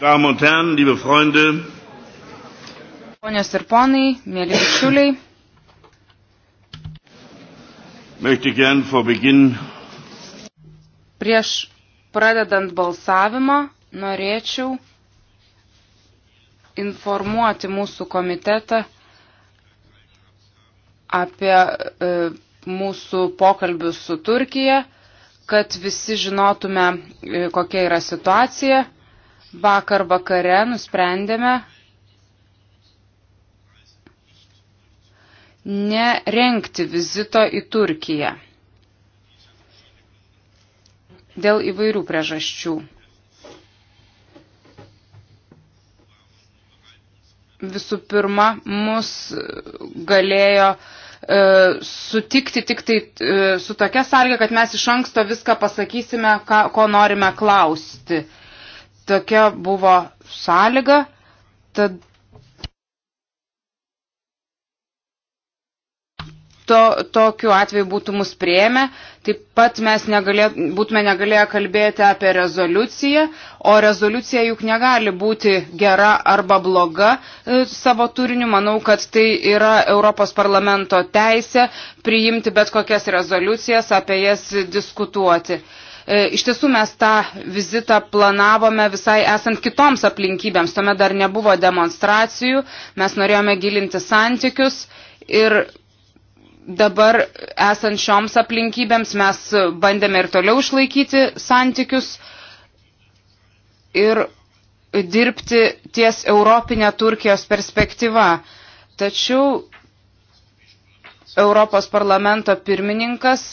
Damen und Herren, liebe Freunde. Ponios ir ponai, mėly bičiuliai. Möchte gern vor Beginn. Prieš pradedant balsavimą norėčiau informuoti mūsų komitetą apie e, mūsų pokalbius su Turkija, kad visi žinotume, e, kokia yra situacija vakar vakare nusprendėme nerenkti vizito į Turkiją dėl įvairių priežasčių. Visų pirma, mus galėjo e, sutikti tik tai e, su tokia sąlyga, kad mes iš anksto viską pasakysime, ką, ko norime klausti. E, tokia buvo sąlyga, tad to, tokiu atveju būtų mus prieėmę, taip pat mes negalė, būtume negalėję kalbėti apie rezoliuciją, o rezoliucija juk negali būti gera arba bloga e, savo turiniu. Manau, kad tai yra Europos parlamento teisė priimti bet kokias rezoliucijas, apie jas diskutuoti. E, E, iš tiesų mes tą vizitą planavome visai esant kitoms aplinkybėms. Tuomet dar nebuvo demonstracijų, mes norėjome gilinti santykius ir dabar esant šioms aplinkybėms mes bandėme ir toliau išlaikyti santykius ir dirbti ties Europinė Turkijos perspektyva. Tačiau Europos parlamento pirmininkas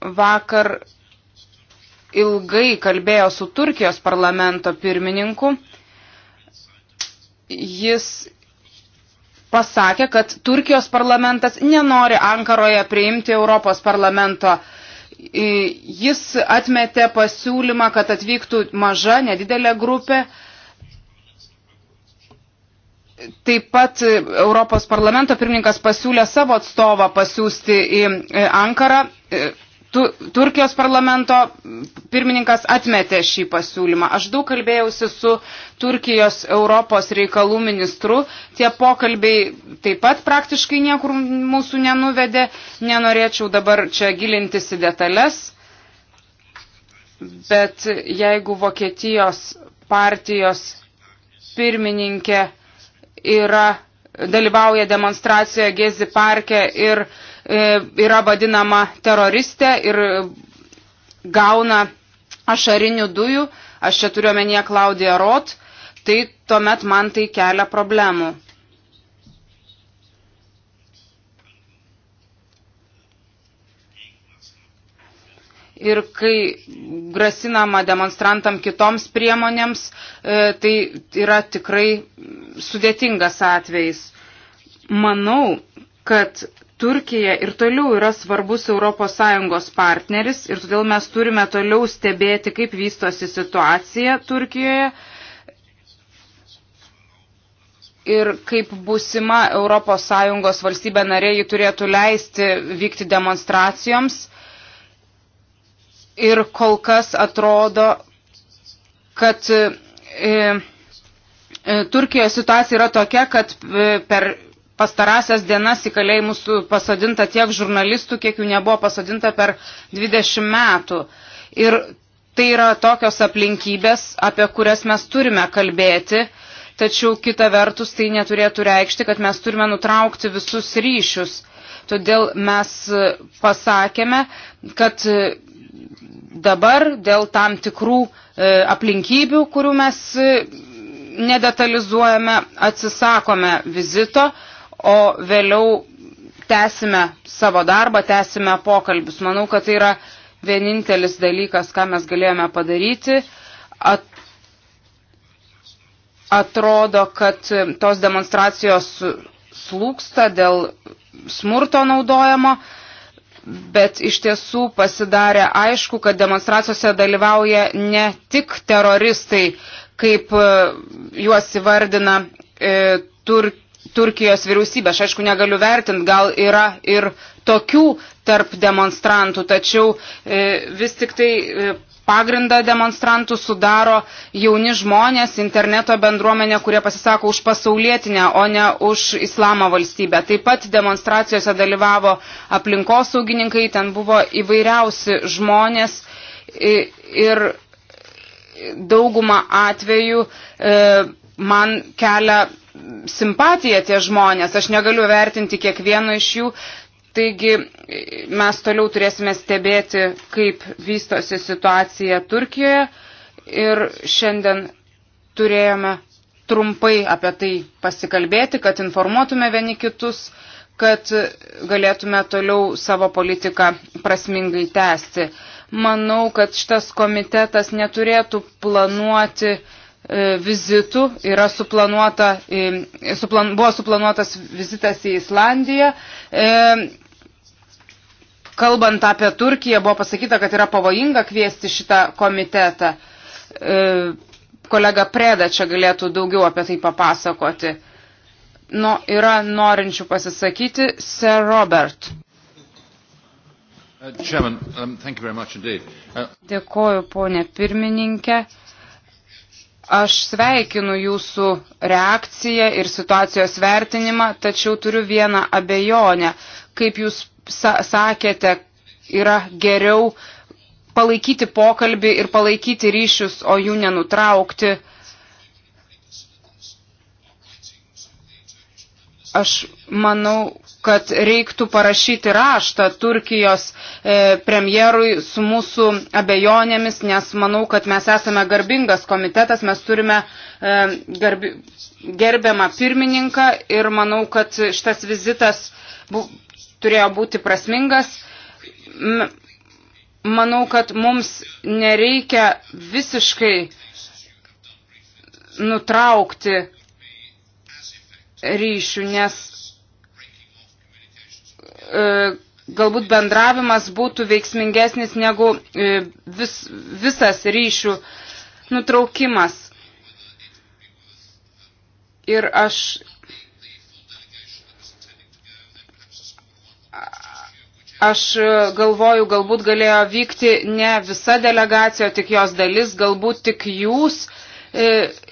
vakar ilgai kalbėjo su Turkijos parlamento pirmininku. Jis pasakė, kad Turkijos parlamentas nenori Ankaroje priimti Europos parlamento. Jis atmetė pasiūlymą, kad atvyktų maža, nedidelė grupė. Taip pat Europos parlamento pirmininkas pasiūlė savo atstovą pasiūsti į Ankarą tu, Turkijos parlamento pirmininkas atmetė šį pasiūlymą. Aš daug kalbėjausi su Turkijos Europos reikalų ministru. Tie pokalbiai taip pat praktiškai niekur mūsų nenuvedė. Nenorėčiau dabar čia gilintis į detalės. Bet jeigu Vokietijos partijos pirmininkė yra dalyvauja demonstracijoje Gezi parke ir uh, E, yra vadinama teroristė ir gauna ašarinių dujų, aš čia turiu omenyje Klaudiją Rot, tai tuomet man tai kelia problemų. ir kai grasinama demonstrantam kitoms priemonėms, e, tai yra tikrai sudėtingas atvejis. Manau, kad Turkija ir toliau yra svarbus ES partneris ir todėl mes turime toliau stebėti, kaip vystosi situacija Turkijoje ir kaip busima ES valstybė narė jį turėtų leisti vykti demonstracijoms. Ir kol kas atrodo, kad e, e, Turkijos situacija yra tokia, kad e, per pastarąsias dienas į kalėjimus pasodinta tiek žurnalistų, kiek jų nebuvo pasodinta per 20 metų. Ir tai yra tokios aplinkybės, apie kurias mes turime kalbėti, tačiau kita vertus tai neturėtų reikšti, kad mes turime nutraukti visus ryšius. Todėl mes pasakėme, kad dabar dėl tam tikrų e, aplinkybių, kurių mes e, nedetalizuojame, atsisakome vizito, o vėliau tęsime savo darbą, tęsime pokalbius. Manau, kad tai yra vienintelis dalykas, ką mes galėjome padaryti. At, atrodo, kad tos demonstracijos slūksta dėl smurto naudojimo, bet iš tiesų pasidarė aišku, kad demonstracijose dalyvauja ne tik teroristai, kaip juos įvardina e, Turkija Turkijos vyriausybė. Aš aišku negaliu vertinti, gal yra ir tokių tarp demonstrantų, tačiau e, vis tik tai e, pagrindą demonstrantų sudaro jauni žmonės, interneto bendruomenė, kurie pasisako už pasaulietinę, o ne už islamo valstybę. Taip pat demonstracijose dalyvavo aplinkosaugininkai, ten buvo įvairiausi žmonės ir daugumą atvejų e, man kelia simpatiją tie žmonės, aš negaliu vertinti kiekvieno iš jų. Taigi mes toliau turėsime stebėti, kaip vystosi situacija Turkijoje ir šiandien turėjome trumpai apie tai pasikalbėti, kad informuotume vieni kitus, kad galėtume toliau savo politiką prasmingai tęsti. Manau, kad šitas komitetas neturėtų planuoti uh, E, vizitų yra suplanuota, suplan, buvo suplanuotas vizitas į Islandiją. E, kalbant apie Turkiją, buvo pasakyta, kad yra pavojinga kviesti šitą komitetą. E, kolega Preda čia galėtų daugiau apie tai papasakoti. Nu, yra norinčių pasisakyti. Sir Robert. Uh, um, uh, Dėkoju, ponė pirmininkė. Aš sveikinu jūsų reakciją ir situacijos vertinimą, tačiau turiu vieną abejonę. Kaip jūs sa sakėte, yra geriau palaikyti pokalbį ir palaikyti ryšius, o jų nenutraukti. Aš manau, kad reiktų parašyti raštą Turkijos e, premjerui su mūsų abejonėmis, nes manau, kad mes esame garbingas komitetas, mes turime e, garbi, gerbiamą pirmininką ir manau, kad šitas vizitas bu, turėjo būti prasmingas. Manau, kad mums nereikia visiškai nutraukti ryšių, nes E, galbūt bendravimas būtų veiksmingesnis negu e, vis, visas ryšių nutraukimas. Ir aš Aš galvoju, galbūt galėjo vykti ne visa delegacija, tik jos dalis, galbūt tik jūs E,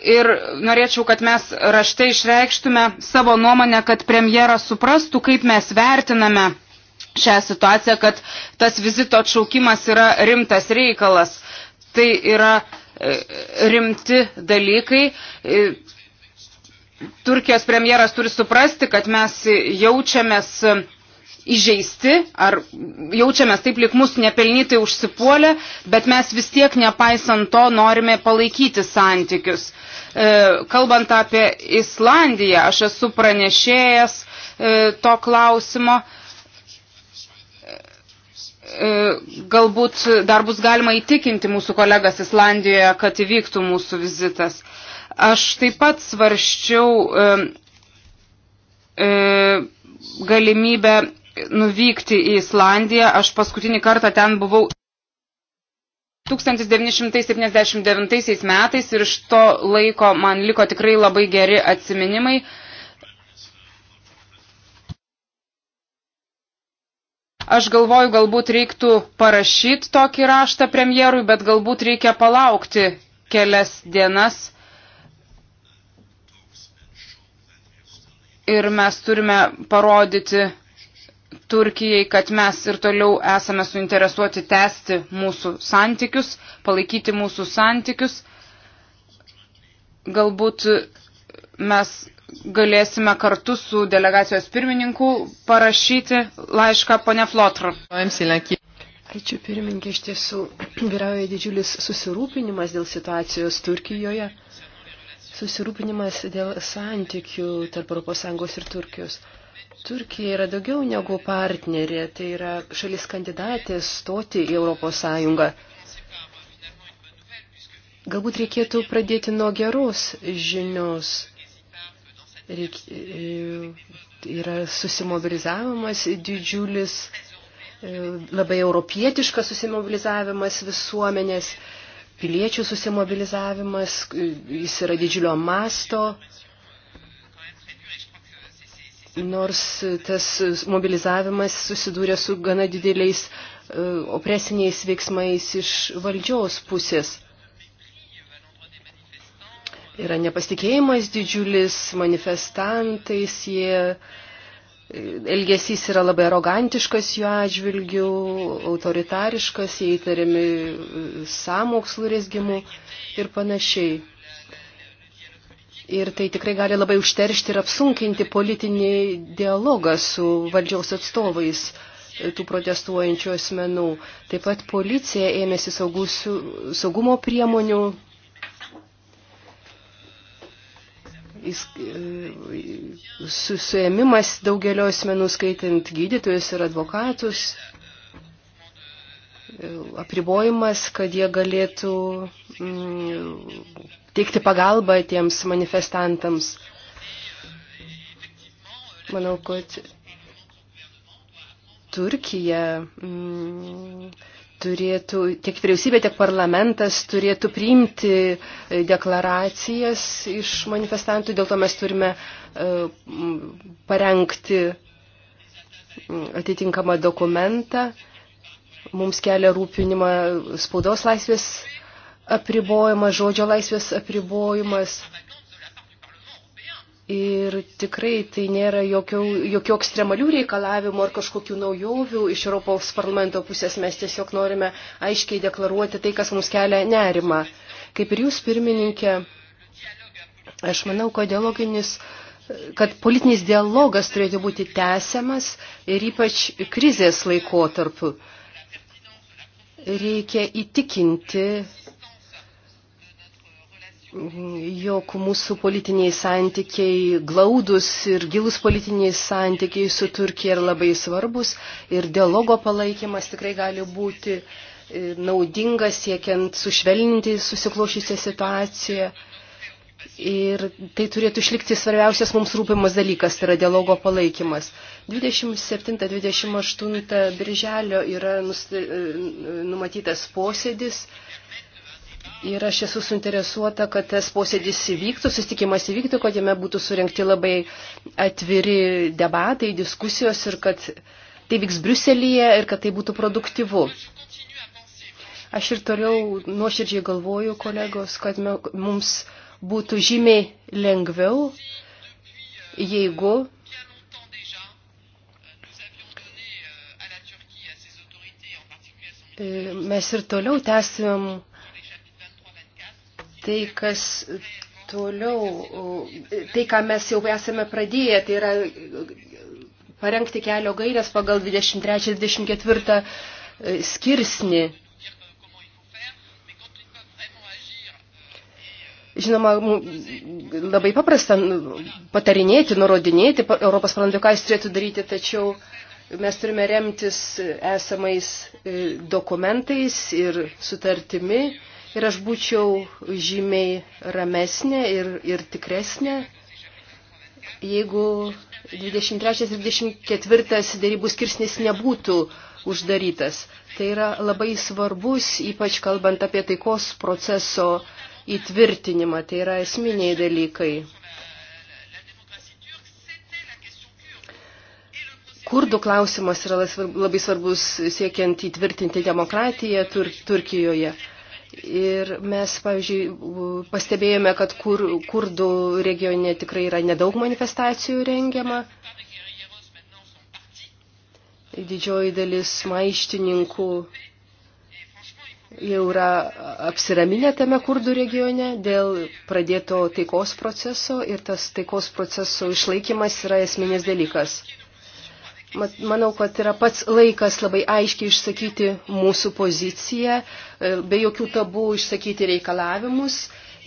ir norėčiau, kad mes raštai išreikštume savo nuomonę, kad premjeras suprastų, kaip mes vertiname šią situaciją, kad tas vizito atšaukimas yra rimtas reikalas. Tai yra e, rimti dalykai. E, Turkijos premjeras turi suprasti, kad mes jaučiamės įžeisti ar jaučiamės taip, lik mus nepelnytai užsipuolė, bet mes vis tiek nepaisant to norime palaikyti santykius. E, kalbant apie Islandiją, aš esu pranešėjęs e, to klausimo. E, galbūt dar bus galima įtikinti mūsų kolegas Islandijoje, kad įvyktų mūsų vizitas. Aš taip pat svarščiau galimybę nuvykti į Islandiją. Aš paskutinį kartą ten buvau 1979 metais ir iš to laiko man liko tikrai labai geri atsiminimai. Aš galvoju, galbūt reiktų parašyti tokį raštą premjerui, bet galbūt reikia palaukti kelias dienas. Ir mes turime parodyti Turkijai, kad mes ir toliau esame suinteresuoti tęsti mūsų santykius, palaikyti mūsų santykius. Galbūt mes galėsime kartu su delegacijos pirmininku parašyti laišką pone Flotr. Ačiū pirmininkė, iš tiesų vyrauja didžiulis susirūpinimas dėl situacijos Turkijoje, susirūpinimas dėl santykių tarp ES ir Turkijos. Turkija yra daugiau negu partnerė, tai yra šalis kandidatė stoti į Europos Sąjungą. Galbūt reikėtų pradėti nuo geros žinios. Reik, e, yra susimobilizavimas didžiulis, e, labai europietiškas susimobilizavimas visuomenės, piliečių susimobilizavimas, e, jis yra didžiulio masto, nors tas mobilizavimas susidūrė su gana dideliais e, opresiniais veiksmais iš valdžios pusės. Yra nepasitikėjimas didžiulis manifestantais, jie e, elgesys yra labai arogantiškas jų atžvilgių, autoritariškas, jie įtariami e, sąmokslų rezgimu ir panašiai. Ir tai tikrai gali labai užteršti ir apsunkinti politinį dialogą su valdžiaus atstovais e, tų protestuojančių asmenų. Taip pat policija ėmėsi saugusių, saugumo priemonių, e, suėmimas daugelio asmenų, skaitant gydytojus ir advokatus, e, apribojimas, kad jie galėtų mm, teikti pagalbą tiems manifestantams. Manau, kad Turkija mm, turėtų, tiek vyriausybė, tiek parlamentas turėtų priimti e, deklaracijas iš manifestantų, dėl to mes turime e, parengti atitinkamą dokumentą. Mums kelia rūpinimą spaudos laisvės apribojimas, žodžio laisvės apribojimas. Ir tikrai tai nėra jokių, jokių ekstremalių reikalavimų ar kažkokių naujovių iš Europos parlamento pusės. Mes tiesiog norime aiškiai deklaruoti tai, kas mums kelia nerimą. Kaip ir jūs, pirmininkė, aš manau, kad dialoginis kad politinis dialogas turėtų būti tęsiamas ir ypač krizės laikotarpiu. Reikia įtikinti jog mūsų politiniai santykiai, glaudus ir gilus politiniai santykiai su Turkija yra labai svarbus ir dialogo palaikymas tikrai gali būti e, naudingas siekiant sušvelninti susiklošysią situaciją. Ir tai turėtų išlikti svarbiausias mums rūpimas dalykas, tai yra dialogo palaikymas. 27-28 birželio yra e, numatytas posėdis Ir aš esu suinteresuota, kad tas posėdis įvyktų, susitikimas įvyktų, kad jame būtų surinkti labai atviri debatai, diskusijos ir kad tai vyks Briuselyje ir kad tai būtų produktyvu. Aš ir toliau nuoširdžiai galvoju, kolegos, kad mums būtų žymiai lengviau, jeigu mes ir toliau tęsim tai, kas toliau, tai, ką mes jau esame pradėję, tai yra parengti kelio gairias pagal 23-24 e, skirsnį. Žinoma, labai paprasta patarinėti, nurodinėti Europos parlamento, ką jis turėtų daryti, tačiau mes turime remtis esamais e, dokumentais ir sutartimi ir aš būčiau žymiai ramesnė ir, ir tikresnė, jeigu 23 ir 24 dėrybų skirsnis nebūtų uždarytas. Tai yra labai svarbus, ypač kalbant apie taikos proceso įtvirtinimą. Tai yra esminiai dalykai. Kurdų klausimas yra labai svarbus siekiant įtvirtinti demokratiją Tur Turkijoje. Ir mes, pavyzdžiui, pastebėjome, kad kur, kurdų regione tikrai yra nedaug manifestacijų rengiama. Didžioji dalis maištininkų jau yra apsiraminę tame kurdų regione dėl pradėto taikos proceso ir tas taikos proceso išlaikymas yra esminis dalykas. Manau, kad yra pats laikas labai aiškiai išsakyti mūsų poziciją, e, be jokių tabų išsakyti reikalavimus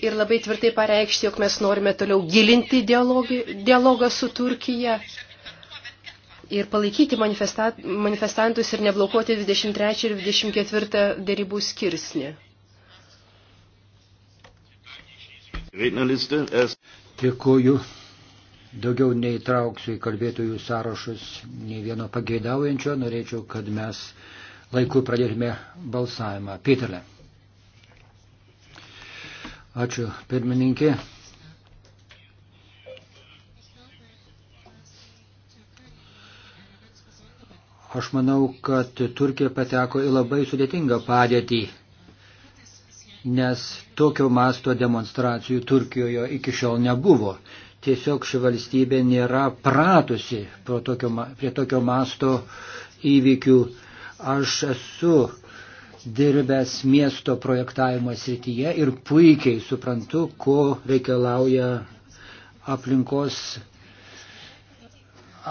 ir labai tvirtai pareikšti, jog mes norime toliau gilinti dialogį, dialogą su Turkija ir palaikyti manifestantus ir neblokuoti 23 ir 24 dėrybų skirsnį. Dėkuoju Daugiau neįtrauksiu į kalbėtojų sąrašus nei vieno pageidaujančio. Norėčiau, kad mes laiku pradėtume balsavimą. Pitelė. Ačiū, pirmininkė. Aš manau, kad Turkija pateko į labai sudėtingą padėtį, nes tokio masto demonstracijų Turkijoje iki šiol nebuvo. Tiesiog ši valstybė nėra pratusi tokio, prie tokio masto įvykių. Aš esu dirbęs miesto projektavimo srityje ir puikiai suprantu, ko reikalauja aplinkos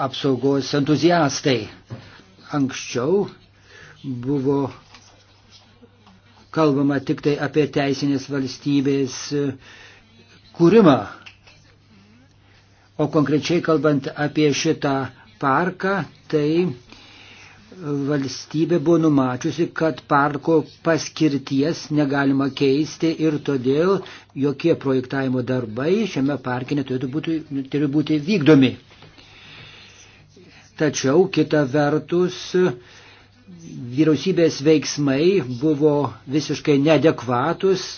apsaugos entuziastai. Anksčiau buvo kalbama tik tai apie teisinės valstybės kūrimą O konkrečiai kalbant apie šitą parką, tai valstybė buvo numačiusi, kad parko paskirties negalima keisti ir todėl jokie projektavimo darbai šiame parke neturėtų būti, turi būti vykdomi. Tačiau kita vertus vyriausybės veiksmai buvo visiškai nedekvatus,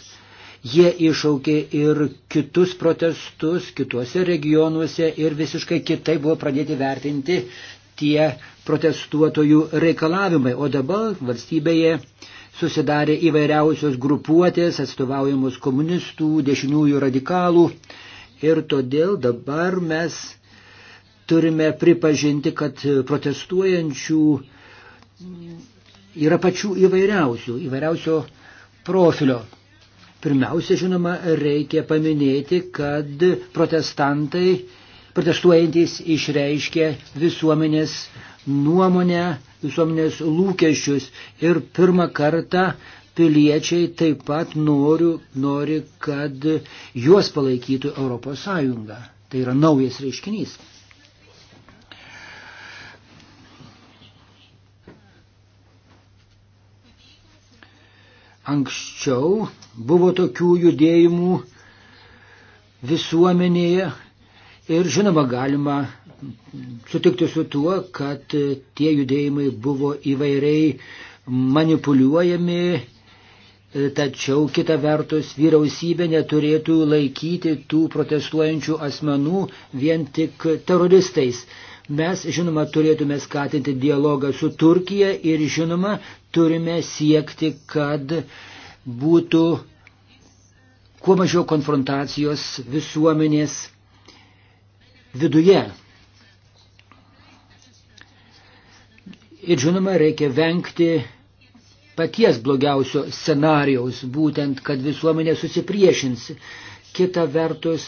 Jie išaukė ir kitus protestus kituose regionuose ir visiškai kitai buvo pradėti vertinti tie protestuotojų reikalavimai. O dabar valstybėje susidarė įvairiausios grupuotės atstovaujamus komunistų, dešiniųjų radikalų. Ir todėl dabar mes turime pripažinti, kad protestuojančių yra pačių įvairiausių, įvairiausio profilio. Pirmiausia, žinoma, reikia paminėti, kad protestantai, protestuojantis išreiškė visuomenės nuomonę, visuomenės lūkesčius ir pirmą kartą piliečiai taip pat noriu, nori, kad juos palaikytų ES. Tai yra naujas reiškinys. Anksčiau buvo tokių judėjimų visuomenėje ir žinoma galima sutikti su tuo, kad tie judėjimai buvo įvairiai manipuliuojami, tačiau kita vertus vyriausybė neturėtų laikyti tų protestuojančių asmenų vien tik teroristais. Mes, žinoma, turėtume skatinti dialogą su Turkija ir, žinoma, turime siekti, kad būtų kuo mažiau konfrontacijos visuomenės viduje. Ir žinoma, reikia vengti paties blogiausio scenarijaus, būtent, kad visuomenė susipriešins. Kita vertus,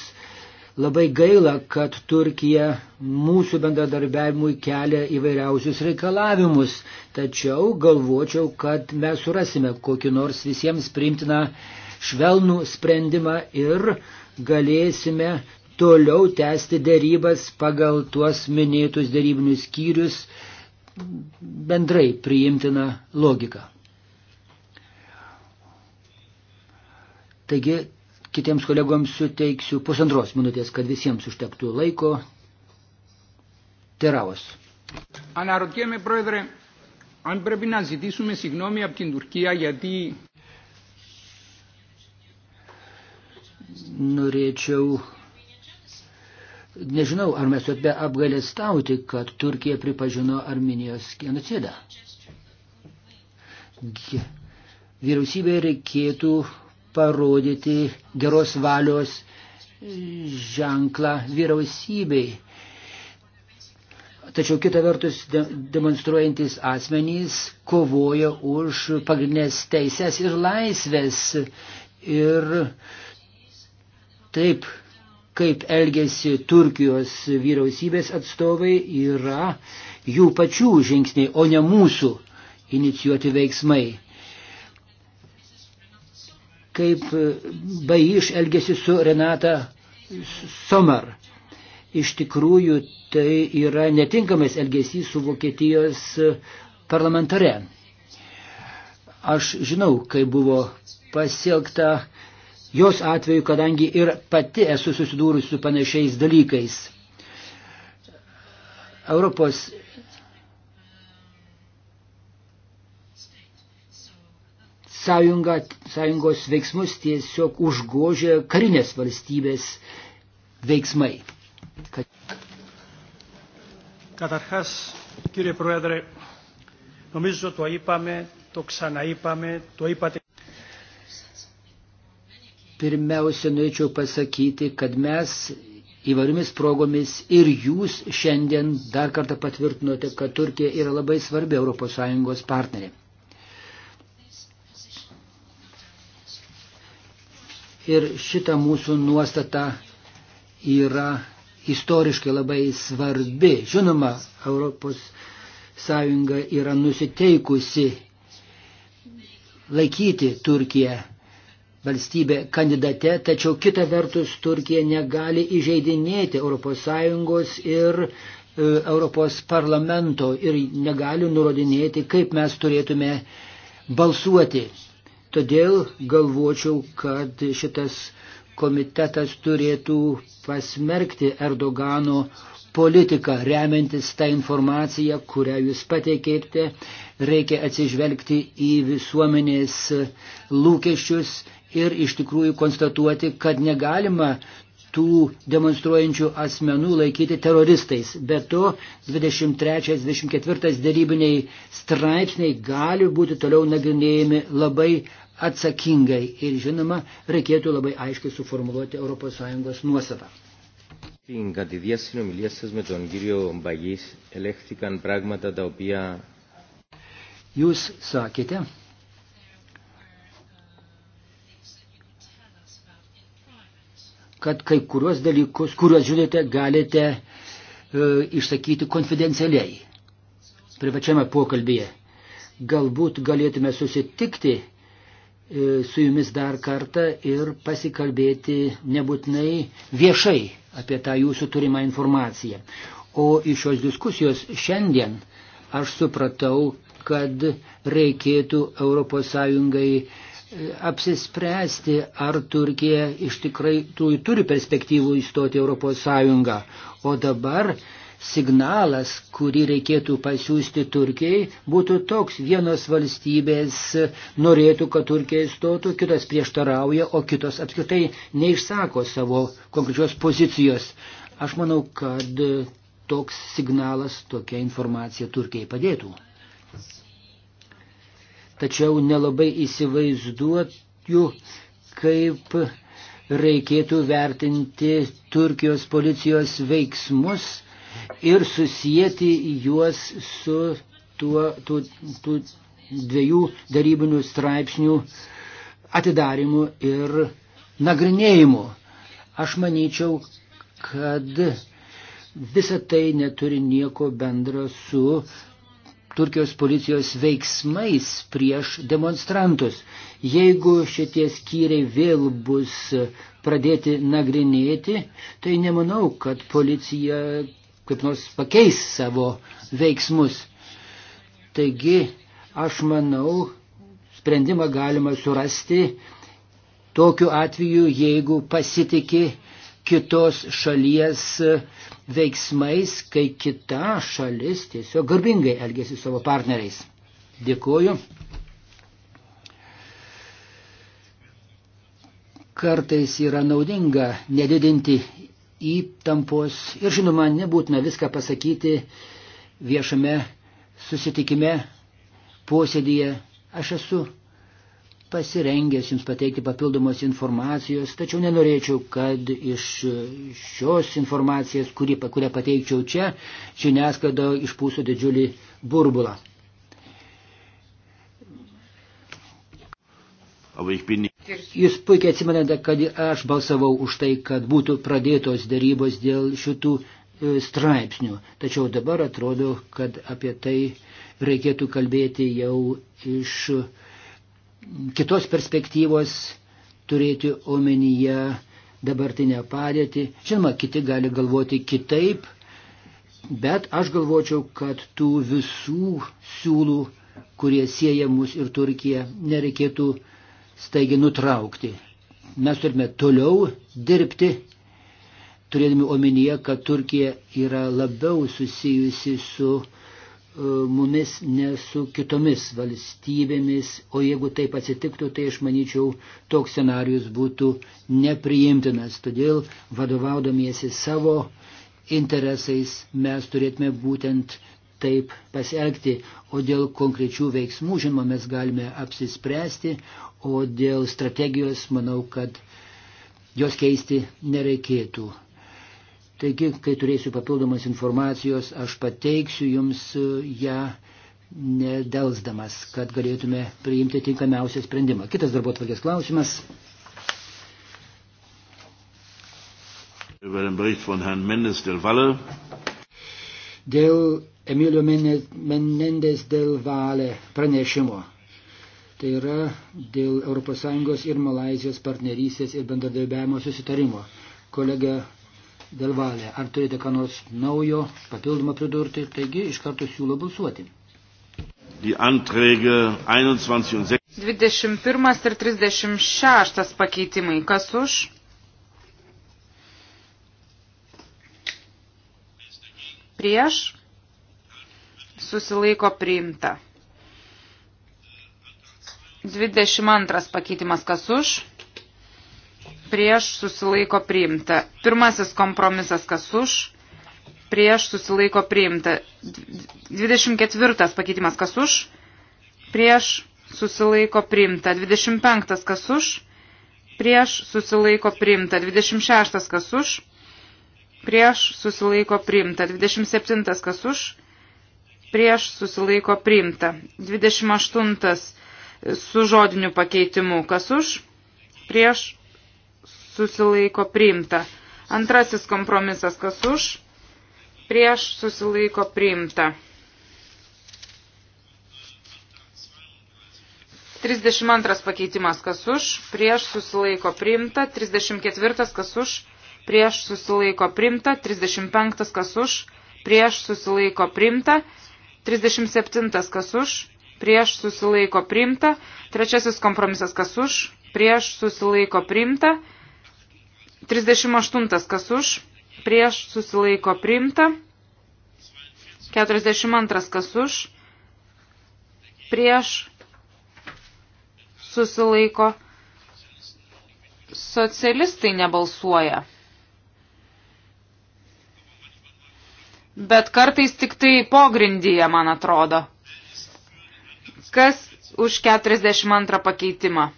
Labai gaila, kad Turkija mūsų bendradarbiavimui kelia įvairiausius reikalavimus, tačiau galvočiau, kad mes surasime kokį nors visiems primtiną švelnų sprendimą ir galėsime toliau tęsti dėrybas pagal tuos minėtus dėrybinius skyrius bendrai priimtina logika. Taigi Kitiems kolegoms suteiksiu pusantros minutės, kad visiems užtektų laiko. Teravos. Αναρωτιέμαι, Πρόεδρε, αν πρέπει να ζητήσουμε συγγνώμη από την Τουρκία γιατί... Norėčiau, nežinau, ar mes turime apgalėstauti, kad Turkija pripažino Arminijos genocidą. Vyriausybė reikėtų parodyti geros valios ženklą vyriausybei. Tačiau kita vertus de demonstruojantis asmenys kovoja už pagrindinės teisės ir laisvės. Ir taip, kaip elgesi Turkijos vyriausybės atstovai, yra jų pačių žingsniai, o ne mūsų inicijuoti veiksmai kaip Baiš elgesi su Renata Somar. Iš tikrųjų, tai yra netinkamas elgesys su Vokietijos parlamentare. Aš žinau, kai buvo pasielgta jos atveju, kadangi ir pati esu susidūrusi su panašiais dalykais. Europos sąjunga sąjungos veiksmus tiesiog užgožia karinės valstybės veiksmai. Kad... Καταρχάς, κύριε Πρόεδρε, νομίζω το είπαμε, το ξαναείπαμε, το είπατε. Pirmiausia, norėčiau pasakyti, kad mes įvairiomis progomis ir jūs šiandien dar kartą patvirtinote, kad Turkija yra labai svarbi ES partnerė. Ir šita mūsų nuostata yra istoriškai labai svarbi. Žinoma, Europos Sąjunga yra nusiteikusi laikyti Turkiją valstybė kandidate, tačiau kita vertus Turkija negali įžeidinėti ES ir e, Europos parlamento ir negali nurodinėti, kaip mes turėtume balsuoti. Todėl galvočiau, kad šitas komitetas turėtų pasmerkti Erdogano politiką, remiantis tą informaciją, kurią jūs pateikėte, reikia atsižvelgti į visuomenės lūkesčius ir iš tikrųjų konstatuoti, kad negalima tų demonstruojančių asmenų laikyti teroristais. Be to, 23-24 dėrybiniai straipsniai gali būti toliau nagrinėjami labai atsakingai ir žinoma, reikėtų labai aiškiai suformuoluoti ES nuostatą. Στην κατηδία συνομιλία σα με τον κύριο Μπαγή ελέγχθηκαν πράγματα τα οποία. Jūs sakėte, kad kai kuriuos dalykus, kuriuos žiūrite, galite e, išsakyti konfidencialiai privačiame pokalbėje. Galbūt galėtume susitikti E, su jumis dar kartą ir pasikalbėti nebūtinai viešai apie tą jūsų turimą informaciją. O iš šios diskusijos šiandien aš supratau, kad reikėtų ES e, apsispręsti, ar Turkija iš tikrai turi perspektyvų įstoti ES. O dabar signalas, kurį reikėtų pasiūsti Turkijai, būtų toks. Vienos valstybės norėtų, kad Turkija įstotų, kitos prieštarauja, o kitos apskritai neišsako savo konkrečios pozicijos. Aš manau, kad toks signalas, tokia informacija Turkijai padėtų. Tačiau nelabai įsivaizduoju, kaip reikėtų vertinti Turkijos policijos veiksmus ir susijęti juos su tuo, tų, tų dviejų darybinių straipsnių atidarimu ir nagrinėjimu. Aš manyčiau, kad visa tai neturi nieko bendro su Turkijos policijos veiksmais prieš demonstrantus. Jeigu šitie skyriai vėl bus pradėti nagrinėti, tai nemanau, kad policija kaip nors pakeis savo veiksmus. Taigi, aš manau, sprendimą galima surasti tokiu atveju, jeigu pasitiki kitos šalies veiksmais, kai kita šalis tiesiog garbingai elgesi savo partneriais. Dėkuoju. Kartais yra naudinga nedidinti įtampos ir žinoma, nebūtina viską pasakyti viešame susitikime, posėdėje. Aš esu pasirengęs Jums pateikti papildomos informacijos, tačiau nenorėčiau, kad iš šios informacijos, kurį, kurią pateikčiau čia, žiniasklaida išpūsų didžiulį burbulą. Aber ich bin Jūs puikiai atsimenate, kad aš balsavau už tai, kad būtų pradėtos dėrybos dėl šitų e, straipsnių. Tačiau dabar atrodo, kad apie tai reikėtų kalbėti jau iš kitos perspektyvos, turėti omenyje dabartinę padėtį. Žinoma, kiti gali galvoti kitaip, bet aš galvočiau, kad tų visų siūlų, kurie sieja mus ir Turkiją, nereikėtų staigiai nutraukti. Mes turime toliau dirbti, turėdami omenyje, kad Turkija yra labiau susijusi su e, mumis, ne su kitomis valstybėmis, o jeigu taip atsitiktų, tai aš manyčiau, toks scenarius būtų nepriimtinas. Todėl vadovaudomiesi savo interesais mes turėtume būtent taip pasielgti, o dėl konkrečių veiksmų, žinoma, mes galime apsispręsti, o dėl strategijos manau, kad jos keisti nereikėtų. Taigi, kai turėsiu papildomas informacijos, aš pateiksiu jums e, ją nedelsdamas, kad galėtume priimti tinkamiausią sprendimą. Kitas darbo tvarkės klausimas. Über den Bericht von Herrn Mendes del Valle. Dėl Emilio Menendės dėl valė pranešimo. Tai yra dėl ES ir Malazijos partnerystės ir bendradarbiavimo susitarimo. Kolega Delvalė, ar turite ką nors naujo, papildomą pridurti? Taigi iš karto siūlo balsuoti. 21 ir 36 pakeitimai. Kas už? Prieš? susilaiko priimta. 22 pakeitimas kas už, prieš susilaiko priimta. Pirmasis kompromisas kas už, prieš susilaiko priimta. 24 pakeitimas kas už, prieš susilaiko priimta. 25 kas už, prieš susilaiko priimta. 26 kas už, prieš susilaiko priimta. 27 kas už, prieš susilaiko priimta. 28 su žodiniu pakeitimu, kas už, prieš susilaiko priimta. Antrasis kompromisas, kas už, prieš susilaiko priimta. 32 pakeitimas, kas už, prieš susilaiko priimta. 34 kas už, prieš susilaiko priimta. 35 kas už, prieš susilaiko priimta. 37 kas už, prieš susilaiko priimta. Trečiasis kompromisas kas už, prieš susilaiko priimta. 38 kas už, prieš susilaiko priimta. 42 kas už, prieš susilaiko. Socialistai nebalsuoja. bet kartais tik tai pogrindyje, man atrodo. Kas už 42 pakeitimą?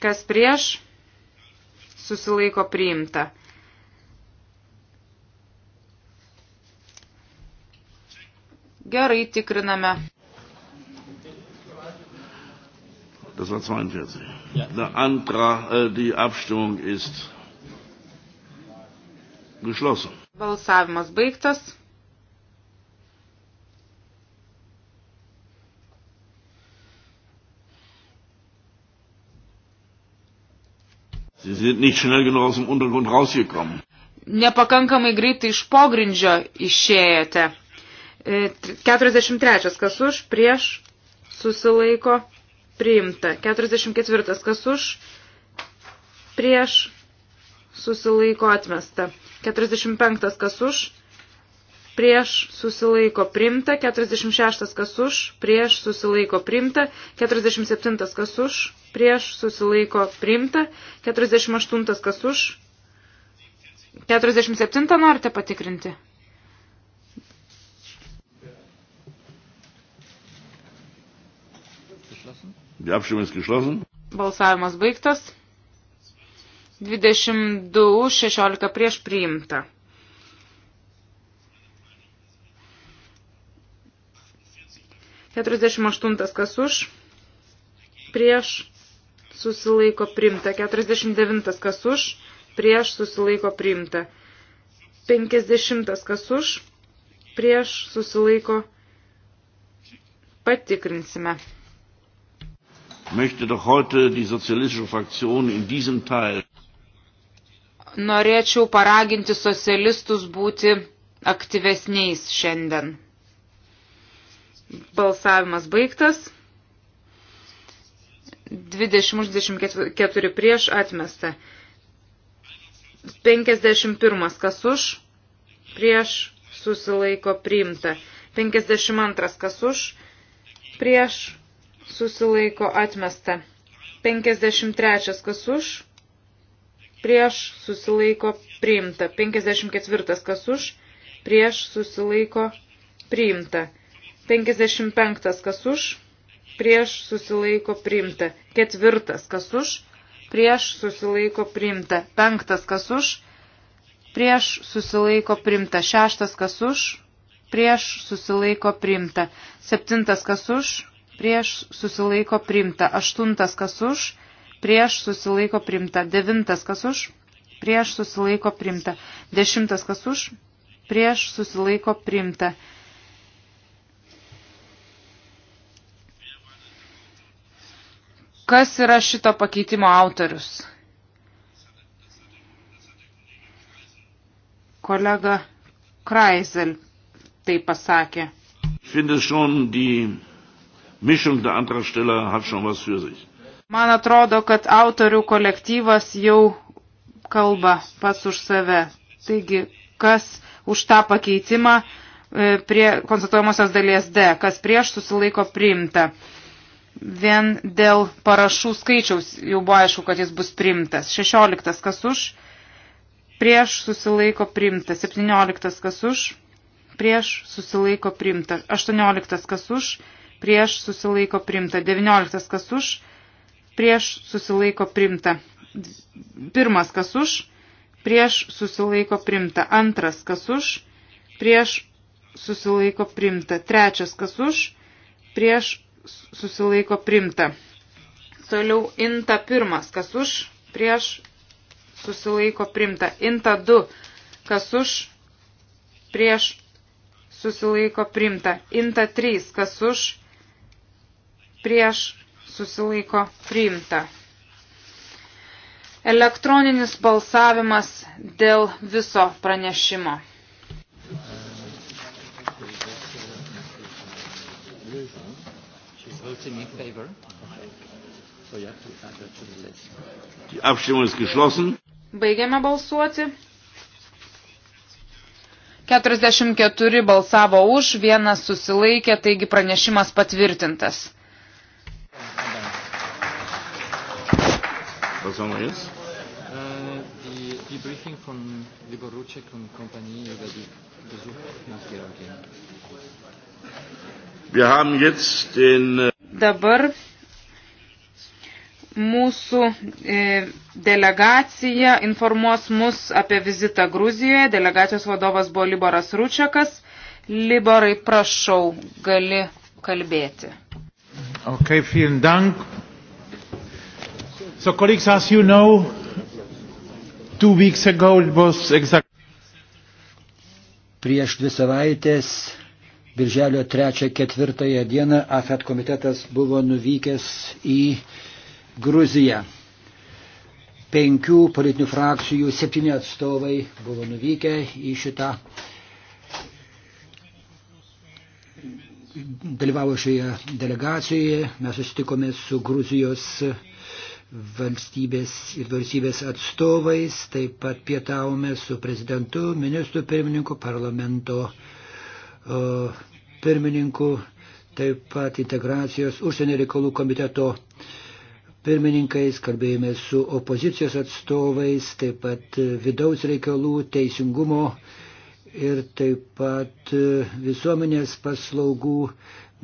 Kas prieš? Susilaiko priimta. Gerai, tikriname. Das war 42. Ja. Der Antrag, äh, die Abstimmung ist geschlossen. Balsavimas baigtas. Sie sind nicht schnell genug aus dem Untergrund rausgekommen. Nepakankamai greitai iš pogrindžio išėjote. 43. E, kas už, prieš, susilaiko, priimta. 44. Kas už, prieš, susilaiko atmesta. 45 kas už, prieš susilaiko primta, 46 kas už, prieš susilaiko primta, 47 kas už, prieš susilaiko primta, 48 kas už, 47 norite patikrinti. Balsavimas baigtas. 22, 16 prieš priimta. Keturiasdešimt aštuntas kas už, prieš susilaiko primta. Keturiasdešimt devintas kas už, prieš susilaiko primta. Penkiasdešimtas kas už, prieš susilaiko patikrinsime. möchte doch heute die sozialistische Fraktion in diesem Teil norėčiau paraginti socialistus būti aktyvesniais šiandien. Balsavimas baigtas. 20 už 24 prieš atmesta. 51 kas už, prieš susilaiko priimta. 52 kas už, prieš susilaiko atmesta. 53 kas už, prieš susilaiko priimta. 54 kas už, prieš susilaiko priimta. 55 kas už, prieš susilaiko priimta. Ketvirtas kas už, prieš susilaiko priimta. Penktas kas už, prieš susilaiko priimta. Šeštas kas už, prieš susilaiko priimta. Septintas kas už, prieš susilaiko priimta. Aštuntas kas už, prieš susilaiko priimta prieš susilaiko primta. Devintas kas už, prieš susilaiko primta. Dešimtas kas už, prieš susilaiko primta. Kas yra šito pakeitimo autorius? Kolega Kreisel tai pasakė. Ich finde schon, die Mischung der Antragsteller hat schon was für sich. Man atrodo, kad autorių kolektyvas jau kalba pas už save. Taigi, kas už tą pakeitimą e, prie konstatuojamosios dalies D, kas prieš susilaiko priimta. Vien dėl parašų skaičiaus jau buvo aišku, kad jis bus priimtas. 16 kas už, prieš susilaiko priimta. 17 kas už, prieš susilaiko priimta. 18 kas už, prieš susilaiko priimta. 19 kas už, prieš susilaiko primta. Pirmas, kas už, prieš susilaiko primta. Antras, kas už, prieš susilaiko primta. Trečias, kas už, prieš susilaiko primta. Toliau inta pirmas, kas už, prieš susilaiko primta. Inta du, kas už, prieš susilaiko primta. Inta trys, kas už, prieš susilaiko priimta. Elektroninis balsavimas dėl viso pranešimo. Baigiame balsuoti. 44 balsavo už, vienas susilaikė, taigi pranešimas patvirtintas. Was haben wir jetzt? Äh, die, die Briefing von Liborucek und Kompanie über die Besuch nach Georgien. Wir haben jetzt den. Äh, Dabar mūsų e, delegacija informuos mus apie vizitą Gruzijoje. Delegacijos vadovas buvo Liboras Ručiakas. Liborai, prašau, gali kalbėti. Okay, vielen Dank. So, colleagues, as you know, two weeks ago it was exactly. Prieš dvi savaitės, birželio 3-4 dieną, AFET komitetas buvo nuvykęs į Gruziją. Penkių politinių frakcijų septyni atstovai buvo nuvykę į šitą dalyvavo šioje delegacijoje, mes susitikome su Gruzijos valstybės ir valstybės atstovais, taip pat pietavome su prezidentu, ministru pirmininku, parlamento pirmininku, taip pat integracijos užsienio reikalų komiteto pirmininkais, kalbėjome su opozicijos atstovais, taip pat vidaus reikalų, teisingumo ir taip pat e, visuomenės paslaugų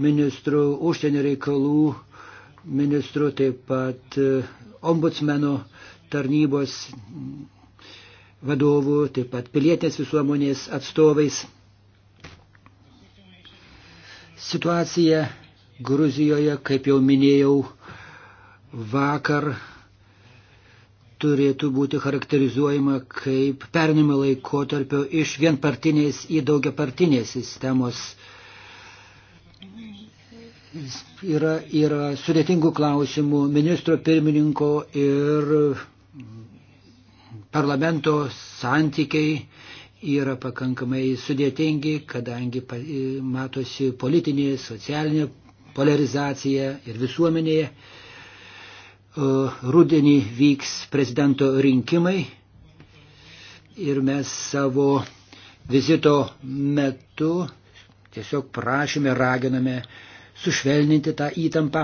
ministrų, užsienio reikalų ministru, taip pat e, ombudsmeno tarnybos vadovų, taip pat pilietės visuomonės atstovais. Situacija Gruzijoje, kaip jau minėjau, vakar turėtų būti charakterizuojama kaip pernimo laikotarpio iš vienpartinės į daugiapartinės sistemos yra, yra sudėtingų klausimų ministro pirmininko ir parlamento santykiai yra pakankamai sudėtingi, kadangi e, matosi politinė, socialinė polarizacija ir visuomenėje. Rudenį vyks prezidento rinkimai ir mes savo vizito metu tiesiog prašome, raginame uh, sušvelninti tą įtampą.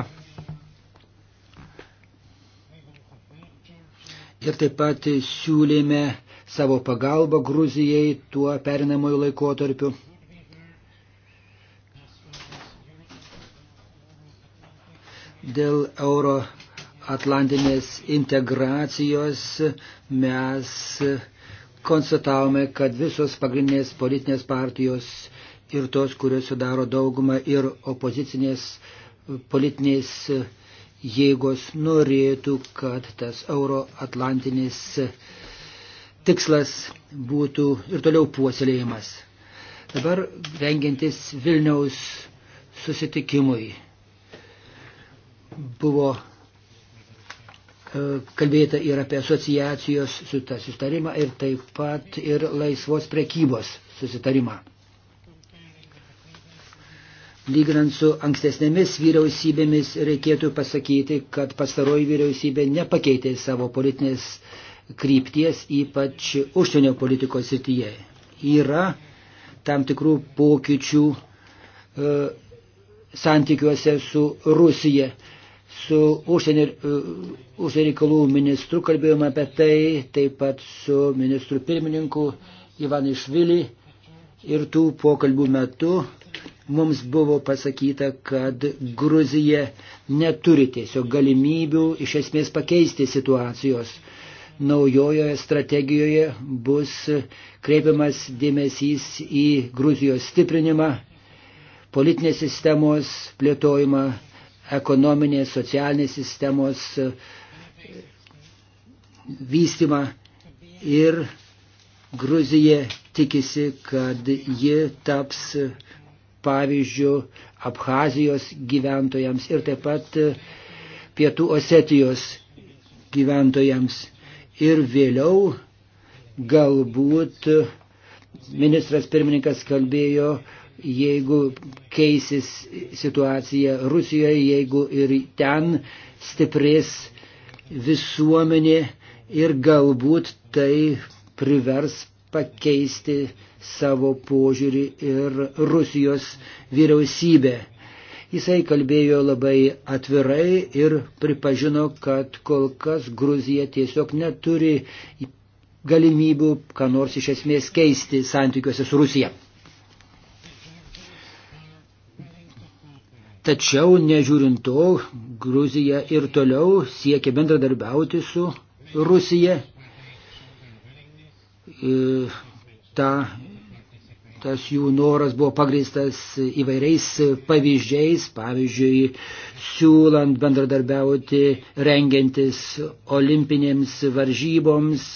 Ir taip pat siūlėme savo pagalbą Gruzijai tuo perinamojo laikotarpiu. Dėl euro atlantinės integracijos mes konstatavome, kad visos pagrindinės politinės partijos ir tos, kurios sudaro daugumą ir opozicinės e, politinės e, jėgos norėtų, kad tas euroatlantinis e, tikslas būtų ir toliau puoselėjimas. Dabar rengiantis Vilniaus susitikimui buvo kalbėta ir apie asociacijos susitarimą ir taip pat ir laisvos prekybos susitarimą lyginant su ankstesnėmis vyriausybėmis, reikėtų pasakyti, kad pastaroji vyriausybė nepakeitė savo politinės krypties, ypač užsienio politikos srityje. Yra tam tikrų pokyčių e, santykiuose su Rusija. Su užsienio, e, užsienio reikalų ministru kalbėjome apie tai, taip pat su ministru pirmininku Ivanišvili ir tų pokalbių metu mums buvo pasakyta, kad Gruzija neturi tiesiog galimybių iš esmės pakeisti situacijos. Naujojoje strategijoje bus kreipiamas dėmesys į Gruzijos stiprinimą, politinės sistemos plėtojimą, ekonominės, socialinės sistemos vystimą ir Gruzija tikisi, kad ji taps pavyzdžių Abhazijos gyventojams ir taip pat e, Pietų Osetijos gyventojams. Ir vėliau galbūt ministras pirmininkas kalbėjo, jeigu keisis situacija Rusijoje, jeigu ir ten stiprės visuomenė ir galbūt tai privers pakeisti savo požiūrį ir Rusijos vyriausybę. Jisai kalbėjo labai atvirai ir pripažino, kad kol kas Gruzija tiesiog neturi galimybių, ką nors iš esmės keisti santykiuose su Rusija. Tačiau, nežiūrint to, Gruzija ir toliau siekia bendradarbiauti su Rusija. E, Ta tas jų noras buvo pagristas įvairiais pavyzdžiais, pavyzdžiui, siūlant bendradarbiauti rengiantis olimpinėms varžyboms,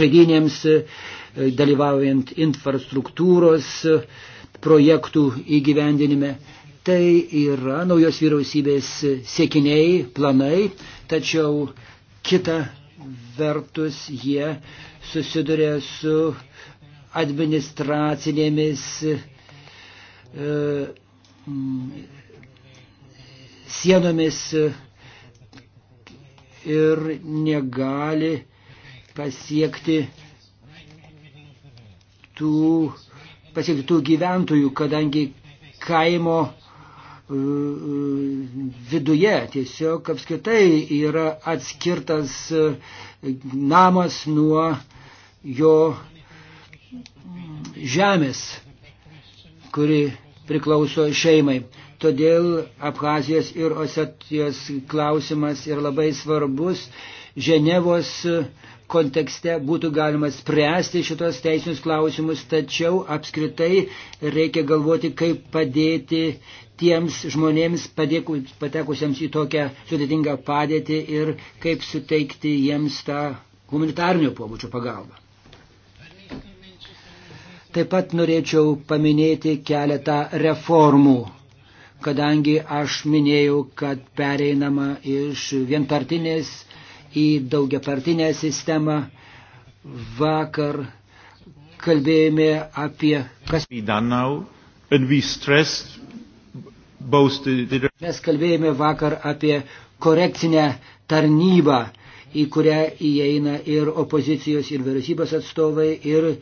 žaidynėms, dalyvaujant infrastruktūros projektų įgyvendinime. Tai yra naujos vyriausybės siekiniai, planai, tačiau kita vertus jie susiduria su administracinėmis e, mm, sienomis e, ir negali pasiekti tų, pasiekti tų gyventojų, kadangi kaimo e, viduje tiesiog apskritai yra atskirtas namas nuo jo žemės, kuri priklauso šeimai. Todėl Abhazijos ir Osetijos klausimas yra labai svarbus. Ženevos kontekste būtų galima spręsti šitos teisinius klausimus, tačiau apskritai reikia galvoti, kaip padėti tiems žmonėms padėku, patekusiems į tokią sudėtingą padėtį ir kaip suteikti jiems tą humanitarnio pobūdžio pagalbą. Taip pat norėčiau paminėti keletą reformų, kadangi aš minėjau, kad pereinama iš vienpartinės į daugiapartinę sistemą. Vakar kalbėjome apie kas. Mes kalbėjome vakar apie korekcinę tarnybą, į kurią įeina ir opozicijos, ir vyriausybės atstovai, ir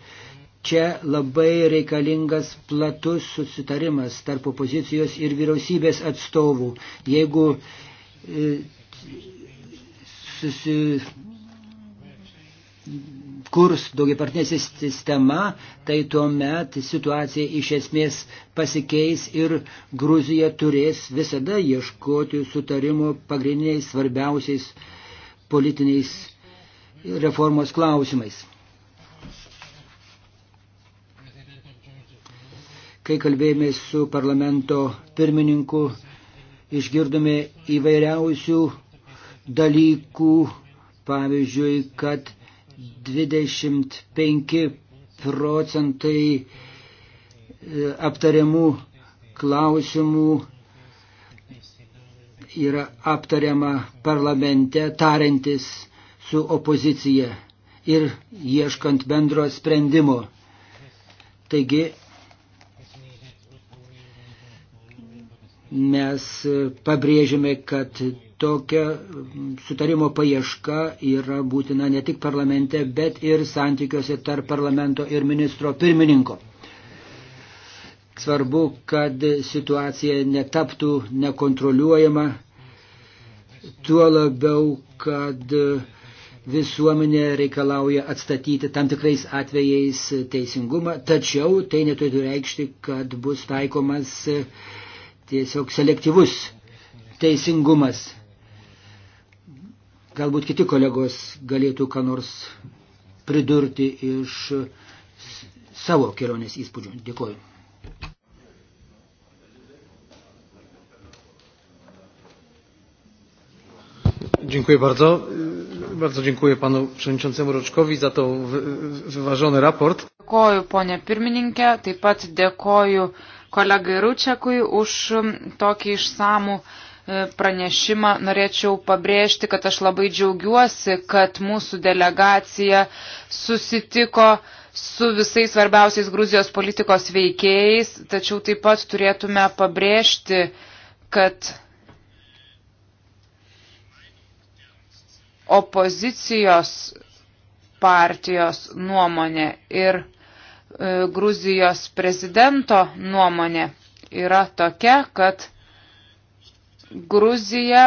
Čia labai reikalingas platus susitarimas tarp opozicijos ir vyriausybės atstovų. Jeigu e, susi kurs daugiapartinė sistema, tai tuomet situacija iš esmės pasikeis ir Gruzija turės visada ieškoti sutarimo pagrindiniais svarbiausiais politiniais reformos klausimais. Kai kalbėjome su parlamento pirmininku, išgirdome įvairiausių dalykų, pavyzdžiui, kad 25 procentai e, aptariamų klausimų yra aptariama parlamente tarintis su opozicija ir ieškant bendro sprendimo. Taigi mes pabrėžėme, kad tokia sutarimo paieška yra būtina ne tik parlamente, bet ir santykiuose tarp parlamento ir ministro pirmininko. Svarbu, kad situacija netaptų nekontroliuojama, tuo labiau, kad visuomenė reikalauja atstatyti tam tikrais atvejais teisingumą, tačiau tai neturėtų reikšti, kad bus taikomas uh, tiesiog selektyvus teisingumas. Galbūt kiti kolegos galėtų ką nors pridurti iš savo kelionės įspūdžių. Dėkuoju. Dziękuję bardzo. Bardzo dziękuję panu przewodniczącemu Roczkowi za to wyważone raport. Dėkoju, ponė pirmininkė, taip pat dėkoju uh, kolegai Ručiakui už tokį išsamų e, pranešimą. Norėčiau pabrėžti, kad aš labai džiaugiuosi, kad mūsų delegacija susitiko su visais svarbiausiais Gruzijos politikos veikėjais, tačiau taip pat turėtume pabrėžti, kad opozicijos partijos nuomonė ir E, Gruzijos prezidento nuomonė yra tokia, kad Gruzija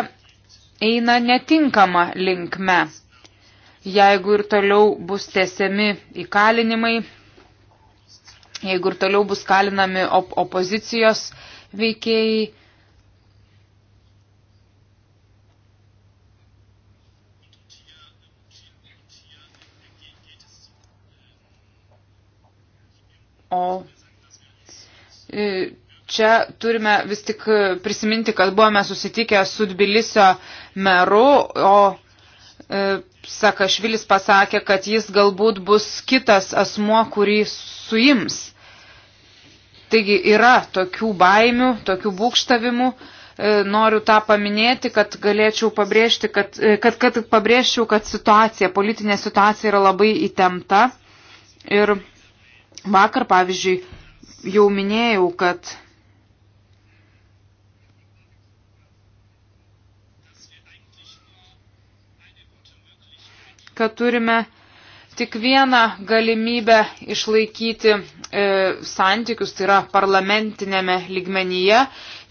eina netinkama linkme. Jeigu ir toliau bus tesiami įkalinimai, jeigu ir toliau bus kalinami op opozicijos veikėjai, O e, čia turime vis tik prisiminti, kad buvome susitikę su Tbilisio meru, o e, Sakašvilis pasakė, kad jis galbūt bus kitas asmuo, kurį suims. Taigi yra tokių baimių, tokių būkštavimų. E, noriu tą paminėti, kad galėčiau pabrėžti, kad, kad, kad pabrėžčiau, kad situacija, politinė situacija yra labai įtempta. Ir Vakar, pavyzdžiui, jau minėjau, kad kad turime tik vieną galimybę išlaikyti e, santykius, tai yra parlamentinėme lygmenyje,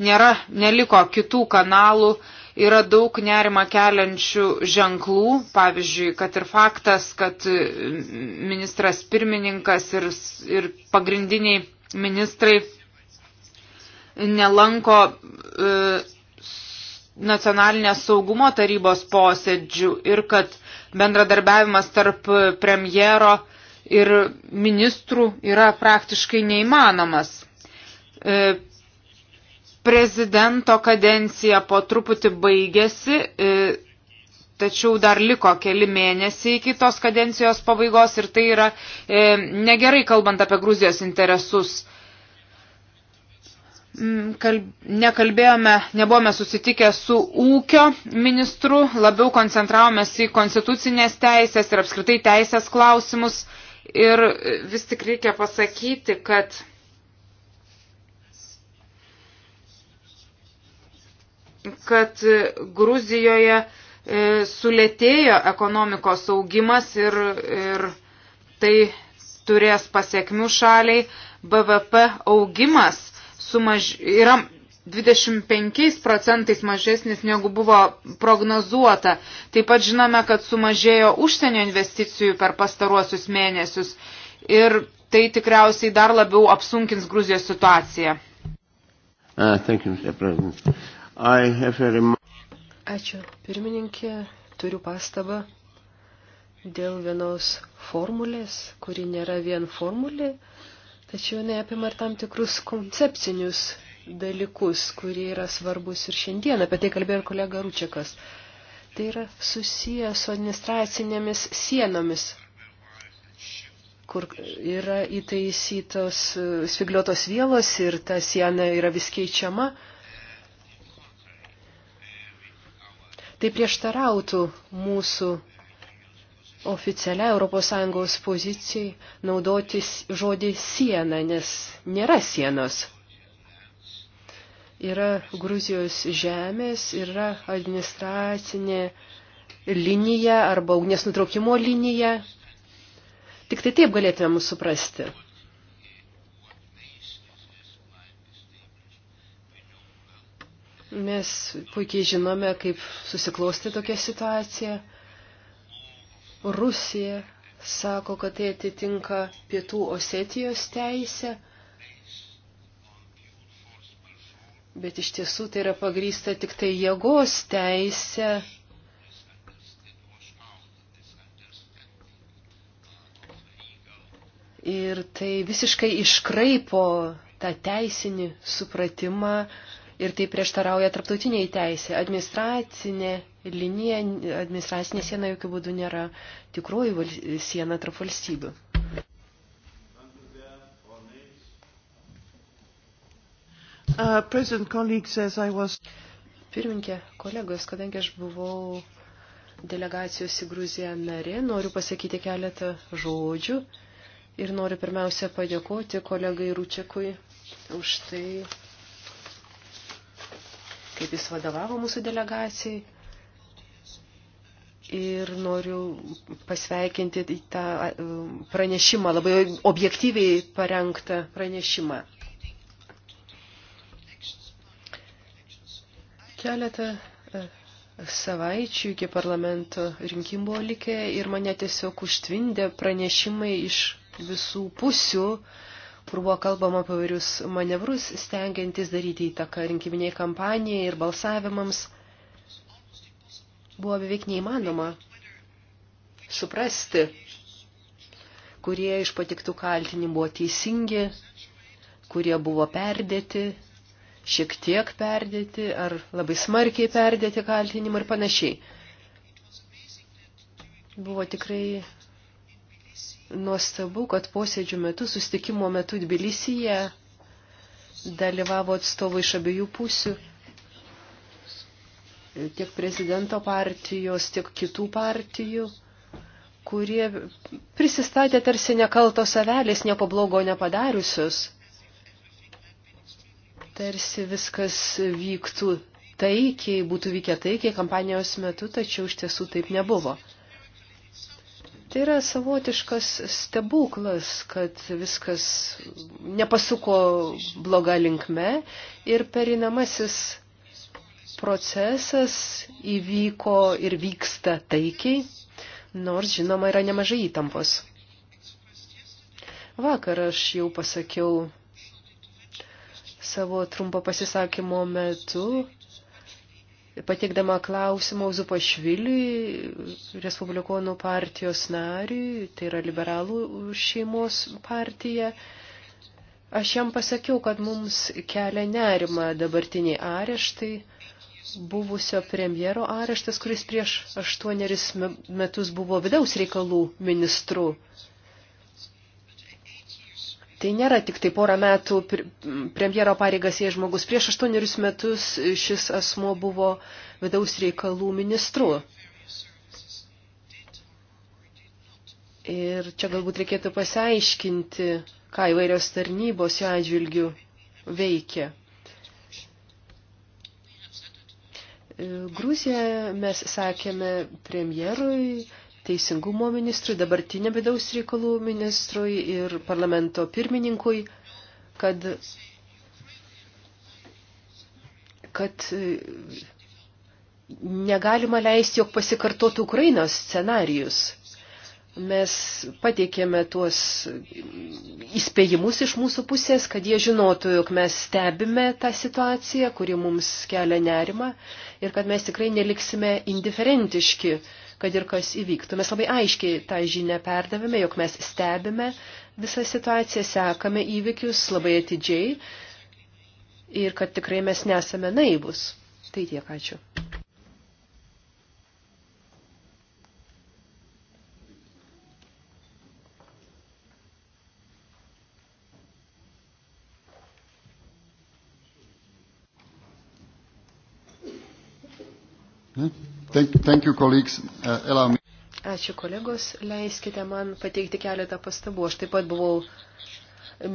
nėra, neliko kitų kanalų, Yra daug nerima keliančių ženklų, pavyzdžiui, kad ir faktas, kad ministras pirmininkas ir, ir pagrindiniai ministrai nelanko e, nacionalinės saugumo tarybos posėdžių ir kad bendradarbiavimas tarp premjero ir ministrų yra praktiškai neįmanomas. E, prezidento kadencija po truputį baigėsi, e, tačiau dar liko keli mėnesiai iki tos kadencijos pabaigos ir tai yra e, negerai kalbant apie Gruzijos interesus. Mm, nekalbėjome, nebuvome susitikę su ūkio ministru, labiau koncentravomės į konstitucinės teisės ir apskritai teisės klausimus. Ir e, vis tik reikia pasakyti, kad kad Gruzijoje e, sulėtėjo ekonomikos augimas ir, ir tai turės pasiekmių šaliai. BVP augimas sumaž... yra 25 procentais mažesnis negu buvo prognozuota. Taip pat žinome, kad sumažėjo užsienio investicijų per pastaruosius mėnesius ir tai tikriausiai dar labiau apsunkins Gruzijos situaciją. Uh, thank you, Mr. President. Ačiū. Pirmininkė, turiu pastabą dėl vienos formulės, kuri nėra vien formulė, tačiau jinai apima ir tam tikrus koncepcinius dalykus, kurie yra svarbus ir šiandien. Apie tai kalbėjo ir kolega Rūčiakas. Tai yra susiję su administracinėmis sienomis, kur yra įtaisytos svigliotos vielos ir ta siena yra vis keičiama. Tai prieštarautų mūsų oficialia ES pozicijai naudotis žodį sieną, nes nėra sienos. Yra Gruzijos žemės, yra administracinė linija arba ugnies nutraukimo linija. Tik tai taip galėtume mus suprasti. Mes puikiai žinome, kaip susiklosti tokia situacija. Rusija sako, kad tai atitinka pietų Osetijos teisę, bet iš tiesų tai yra pagrysta tik tai jėgos teisė. Ir tai visiškai iškraipo tą teisinį supratimą, uh, ir tai prieštarauja tarptautiniai teisė. Administracinė linija, administracinė siena jokių būdų nėra tikroji siena tarp valstybių. Uh, was... Pirminkė, kolegos, kadangi aš buvau delegacijos į Gruziją narė, noriu pasakyti keletą žodžių ir noriu pirmiausia padėkoti kolegai Rūčekui už tai, kaip jis vadovavo mūsų delegacijai. Ir noriu pasveikinti tą pranešimą, labai objektyviai parengtą pranešimą. Keletą e, savaičių iki parlamento rinkimų buvo likę ir mane tiesiog užtvindė pranešimai iš visų pusių, uh, kur buvo kalbama apie vairius manevrus, stengiantis daryti įtaką rinkiminiai kampanijai ir balsavimams, buvo beveik neįmanoma suprasti, kurie iš patiktų kaltinimų buvo teisingi, kurie buvo perdėti, šiek tiek perdėti ar labai smarkiai perdėti kaltinimą ir panašiai. Buvo tikrai nuostabu, kad posėdžių metu, sustikimo metu Tbilisyje dalyvavo atstovai iš abiejų pusių, tiek prezidento partijos, tiek kitų partijų, kurie prisistatė tarsi nekaltos avelės, nieko blogo nepadariusios. Tarsi viskas vyktų taikiai, būtų vykę taikiai kampanijos metu, tačiau iš tiesų taip nebuvo. Tai yra savotiškas stebuklas, kad viskas nepasuko bloga linkme ir perinamasis procesas įvyko ir vyksta taikiai, nors žinoma yra nemažai įtampos. Vakar aš jau pasakiau savo trumpo pasisakymo metu, patikdama klausimą Zupašviliui, Respublikonų partijos nariui, tai yra liberalų šeimos partija. Aš jam pasakiau, kad mums kelia nerima dabartiniai areštai, buvusio premjero areštas, kuris prieš aštuonerius metus buvo vidaus reikalų ministru. Tai nėra tik tai porą metų premjero pareigas jie žmogus. Prieš aštuonerius metus šis asmo buvo vidaus reikalų ministru. Ir čia galbūt reikėtų pasiaiškinti, ką įvairios tarnybos jo atžvilgių veikia. Gruzijoje mes sakėme premjerui, teisingumo ministrui, dabartiniam vidaus reikalų ministrui ir parlamento pirmininkui, kad, kad e, negalima leisti, jog pasikartotų Ukrainos scenarijus. Mes pateikėme tuos įspėjimus iš mūsų pusės, kad jie žinotų, jog mes stebime tą situaciją, kuri mums kelia nerimą ir kad mes tikrai neliksime indiferentiški uh, kad ir kas įvyktų. Mes labai aiškiai tą žinę perdavėme, jog mes stebime visą situaciją, sekame įvykius labai atidžiai ir kad tikrai mes nesame naivus. Tai tiek, ačiū. Hmm? Thank, thank you, colleagues. Uh, allow me. Ačiū kolegos, leiskite man pateikti keletą pastabų. Aš taip pat buvau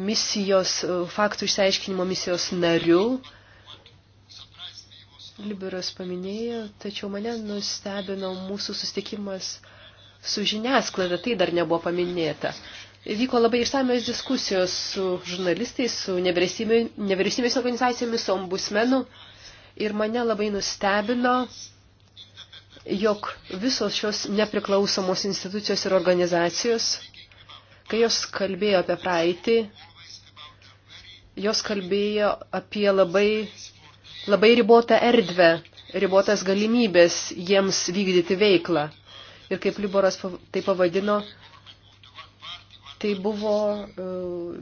misijos, uh, faktų išsiaiškinimo misijos nariu. Liberos paminėjo, tačiau mane nustebino mūsų sustikimas su žiniasklaida, tai dar nebuvo paminėta. Vyko labai išsamios diskusijos su žurnalistais, su nevyriausybės organizacijomis, su ombudsmenu ir mane labai nustebino jog visos šios nepriklausomos institucijos ir organizacijos, kai jos kalbėjo apie praeitį, jos kalbėjo apie labai, labai ribotą erdvę, ribotas galimybės jiems vykdyti veiklą. Ir kaip Liboras tai pavadino, tai buvo e,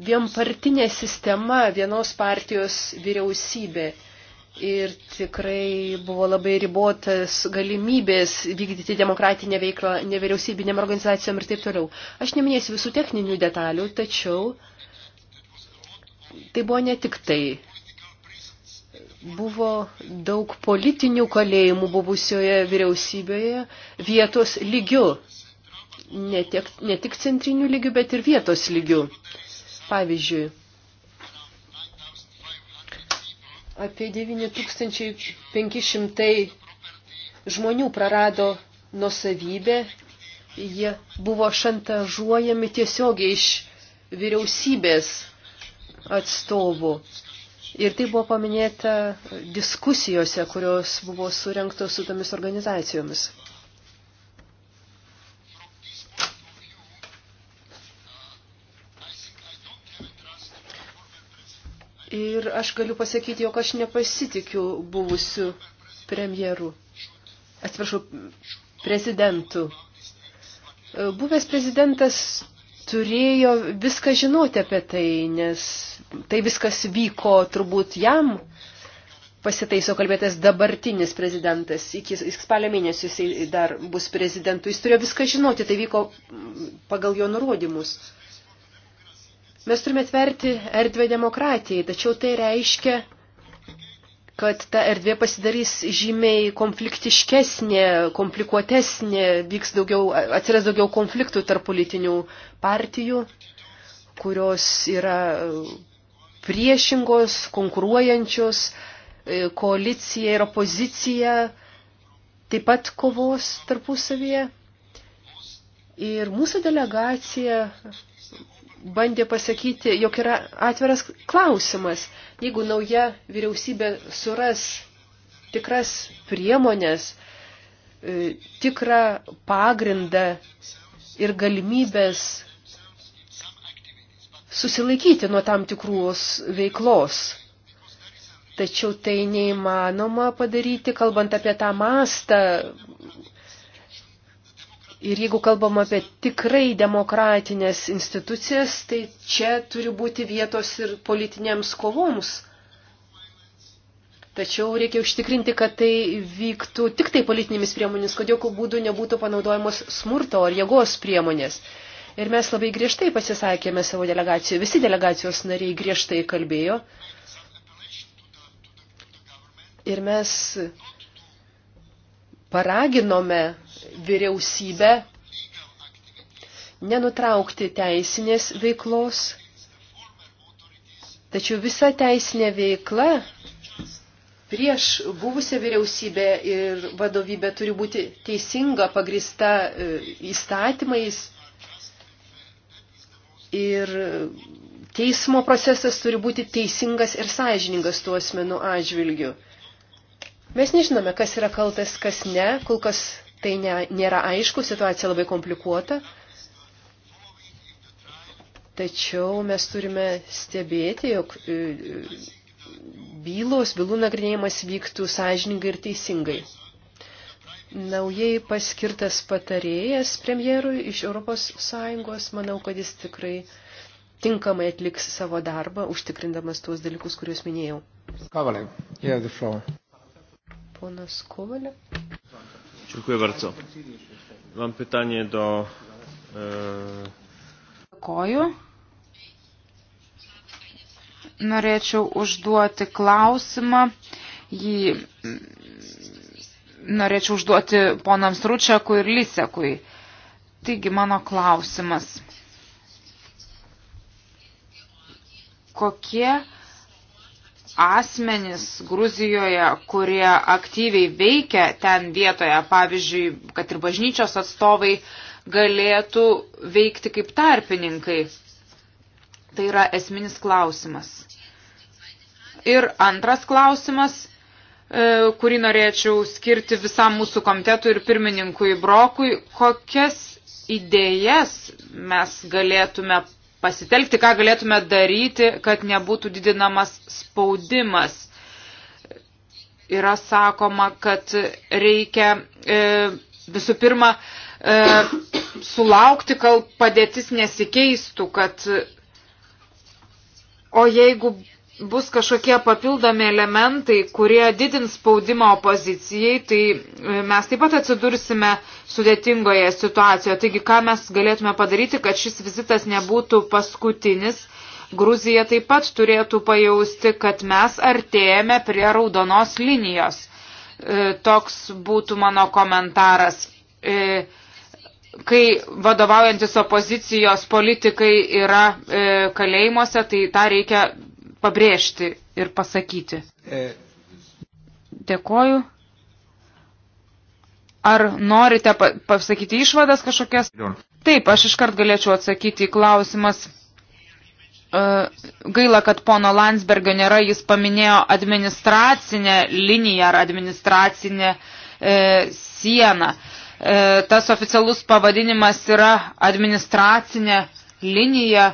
vienpartinė sistema vienos partijos vyriausybė ir tikrai buvo labai ribotas galimybės vykdyti demokratinę veiklą nevyriausybinėm organizacijom ir taip toliau. Aš neminėsiu visų techninių detalių, tačiau tai buvo ne tik tai. Buvo daug politinių kalėjimų buvusioje vyriausybėje vietos lygių. Ne, tiek, ne tik centrinių lygių, bet ir vietos lygių. Pavyzdžiui, Apie 9500 žmonių prarado nusavybę, jie buvo šantažuojami tiesiogiai iš vyriausybės atstovų. Ir tai buvo paminėta diskusijose, kurios buvo surinktos su tomis organizacijomis. Ir aš galiu pasakyti, jog aš nepasitikiu buvusiu premjeru, atsiprašau, prezidentu. Buvęs prezidentas turėjo viską žinoti apie tai, nes tai viskas vyko turbūt jam, pasitaiso kalbėtas dabartinis prezidentas, iki spalio mėnesio jisai dar bus prezidentu, jis turėjo viską žinoti, tai vyko pagal jo nurodymus. Mes turime tverti erdvę demokratijai, tačiau tai reiškia, kad ta erdvė pasidarys žymiai konfliktiškesnė, komplikuotesnė, vyks daugiau, atsiras daugiau konfliktų tarp politinių partijų, kurios yra priešingos, konkuruojančios, e, koalicija ir opozicija taip pat kovos tarpusavyje. Ir mūsų delegacija bandė pasakyti, jog yra atviras klausimas, jeigu nauja vyriausybė suras tikras priemonės, e, tikrą pagrindą ir galimybės susilaikyti nuo tam tikrus veiklos. Tačiau tai neįmanoma padaryti, kalbant apie tą mastą, Ir jeigu kalbam apie tikrai demokratinės institucijas, tai čia turi būti vietos ir politinėms kovoms. Tačiau reikia užtikrinti, kad tai vyktų tik tai politinėmis priemonės, kad jokių būdų nebūtų panaudojamos smurto ar jėgos priemonės. Ir mes labai griežtai pasisakėme savo delegacijų. Visi delegacijos nariai griežtai kalbėjo. Ir mes paraginome vyriausybę nenutraukti teisinės veiklos, tačiau visa teisinė veikla prieš buvusią vyriausybę ir vadovybę turi būti teisinga, pagrista e, įstatymais ir teismo procesas turi būti teisingas ir sąžiningas tuo asmenų atžvilgiu. Mes nežinome, kas yra kaltas, kas ne, kol kas Tai ne, nėra aišku, situacija labai komplikuota. Tačiau mes turime stebėti, jog e, e, bylos, bylų nagrinėjimas vyktų sąžiningai ir teisingai. Naujai paskirtas patarėjas premjerui iš ES, manau, kad jis tikrai tinkamai atliks savo darbą, užtikrindamas tuos dalykus, kuriuos minėjau. Kovalė, yeah, the floor. Ponas Kovalė. Dziękuję bardzo. Mam pytanie do. E, Dėkoju. Norėčiau užduoti klausimą. Jį norėčiau užduoti ponams Ručiakui ir Lisekui. Taigi mano klausimas. Kokie asmenys Gruzijoje, kurie aktyviai veikia ten vietoje, pavyzdžiui, kad ir bažnyčios atstovai galėtų veikti kaip tarpininkai. Tai yra esminis klausimas. Ir antras klausimas, e, kurį norėčiau skirti visam mūsų komitetui ir pirmininkui Brokui, kokias idėjas mes galėtume pasitelkti, ką galėtume daryti, kad nebūtų didinamas spaudimas. Yra sakoma, kad reikia e, visų pirma e, sulaukti, kol padėtis nesikeistų, kad o jeigu bus kažkokie papildomi elementai, kurie didins spaudimą opozicijai, tai e, mes taip pat atsidursime sudėtingoje situacijoje. Taigi, ką mes galėtume padaryti, kad šis vizitas nebūtų paskutinis. Gruzija taip pat turėtų pajausti, kad mes artėjame prie raudonos linijos. E, toks būtų mano komentaras. E, kai vadovaujantis opozicijos politikai yra kalėjimuose, tai tą reikia pabrėžti ir pasakyti. E. Dėkoju. Ar norite pasakyti išvadas kažkokias? Taip, aš iškart galėčiau atsakyti į klausimas. E, gaila, kad pono Landsbergio nėra, jis paminėjo administracinę liniją ar administracinę e, sieną. E, tas oficialus pavadinimas yra administracinė linija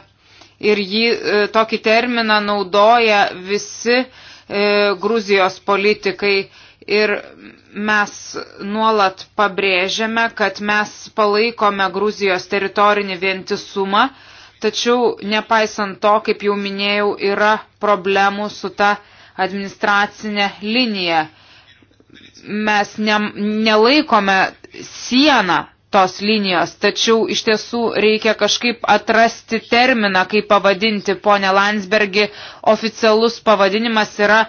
ir jį e, tokį terminą naudoja visi e, Gruzijos politikai. Ir mes nuolat pabrėžiame, kad mes palaikome Gruzijos teritorinį vientisumą, tačiau nepaisant to, kaip jau minėjau, yra problemų su ta administracinė linija. Mes ne, nelaikome sieną tos linijos, tačiau iš tiesų reikia kažkaip atrasti terminą, kaip pavadinti ponę Landsbergį. Oficialus pavadinimas yra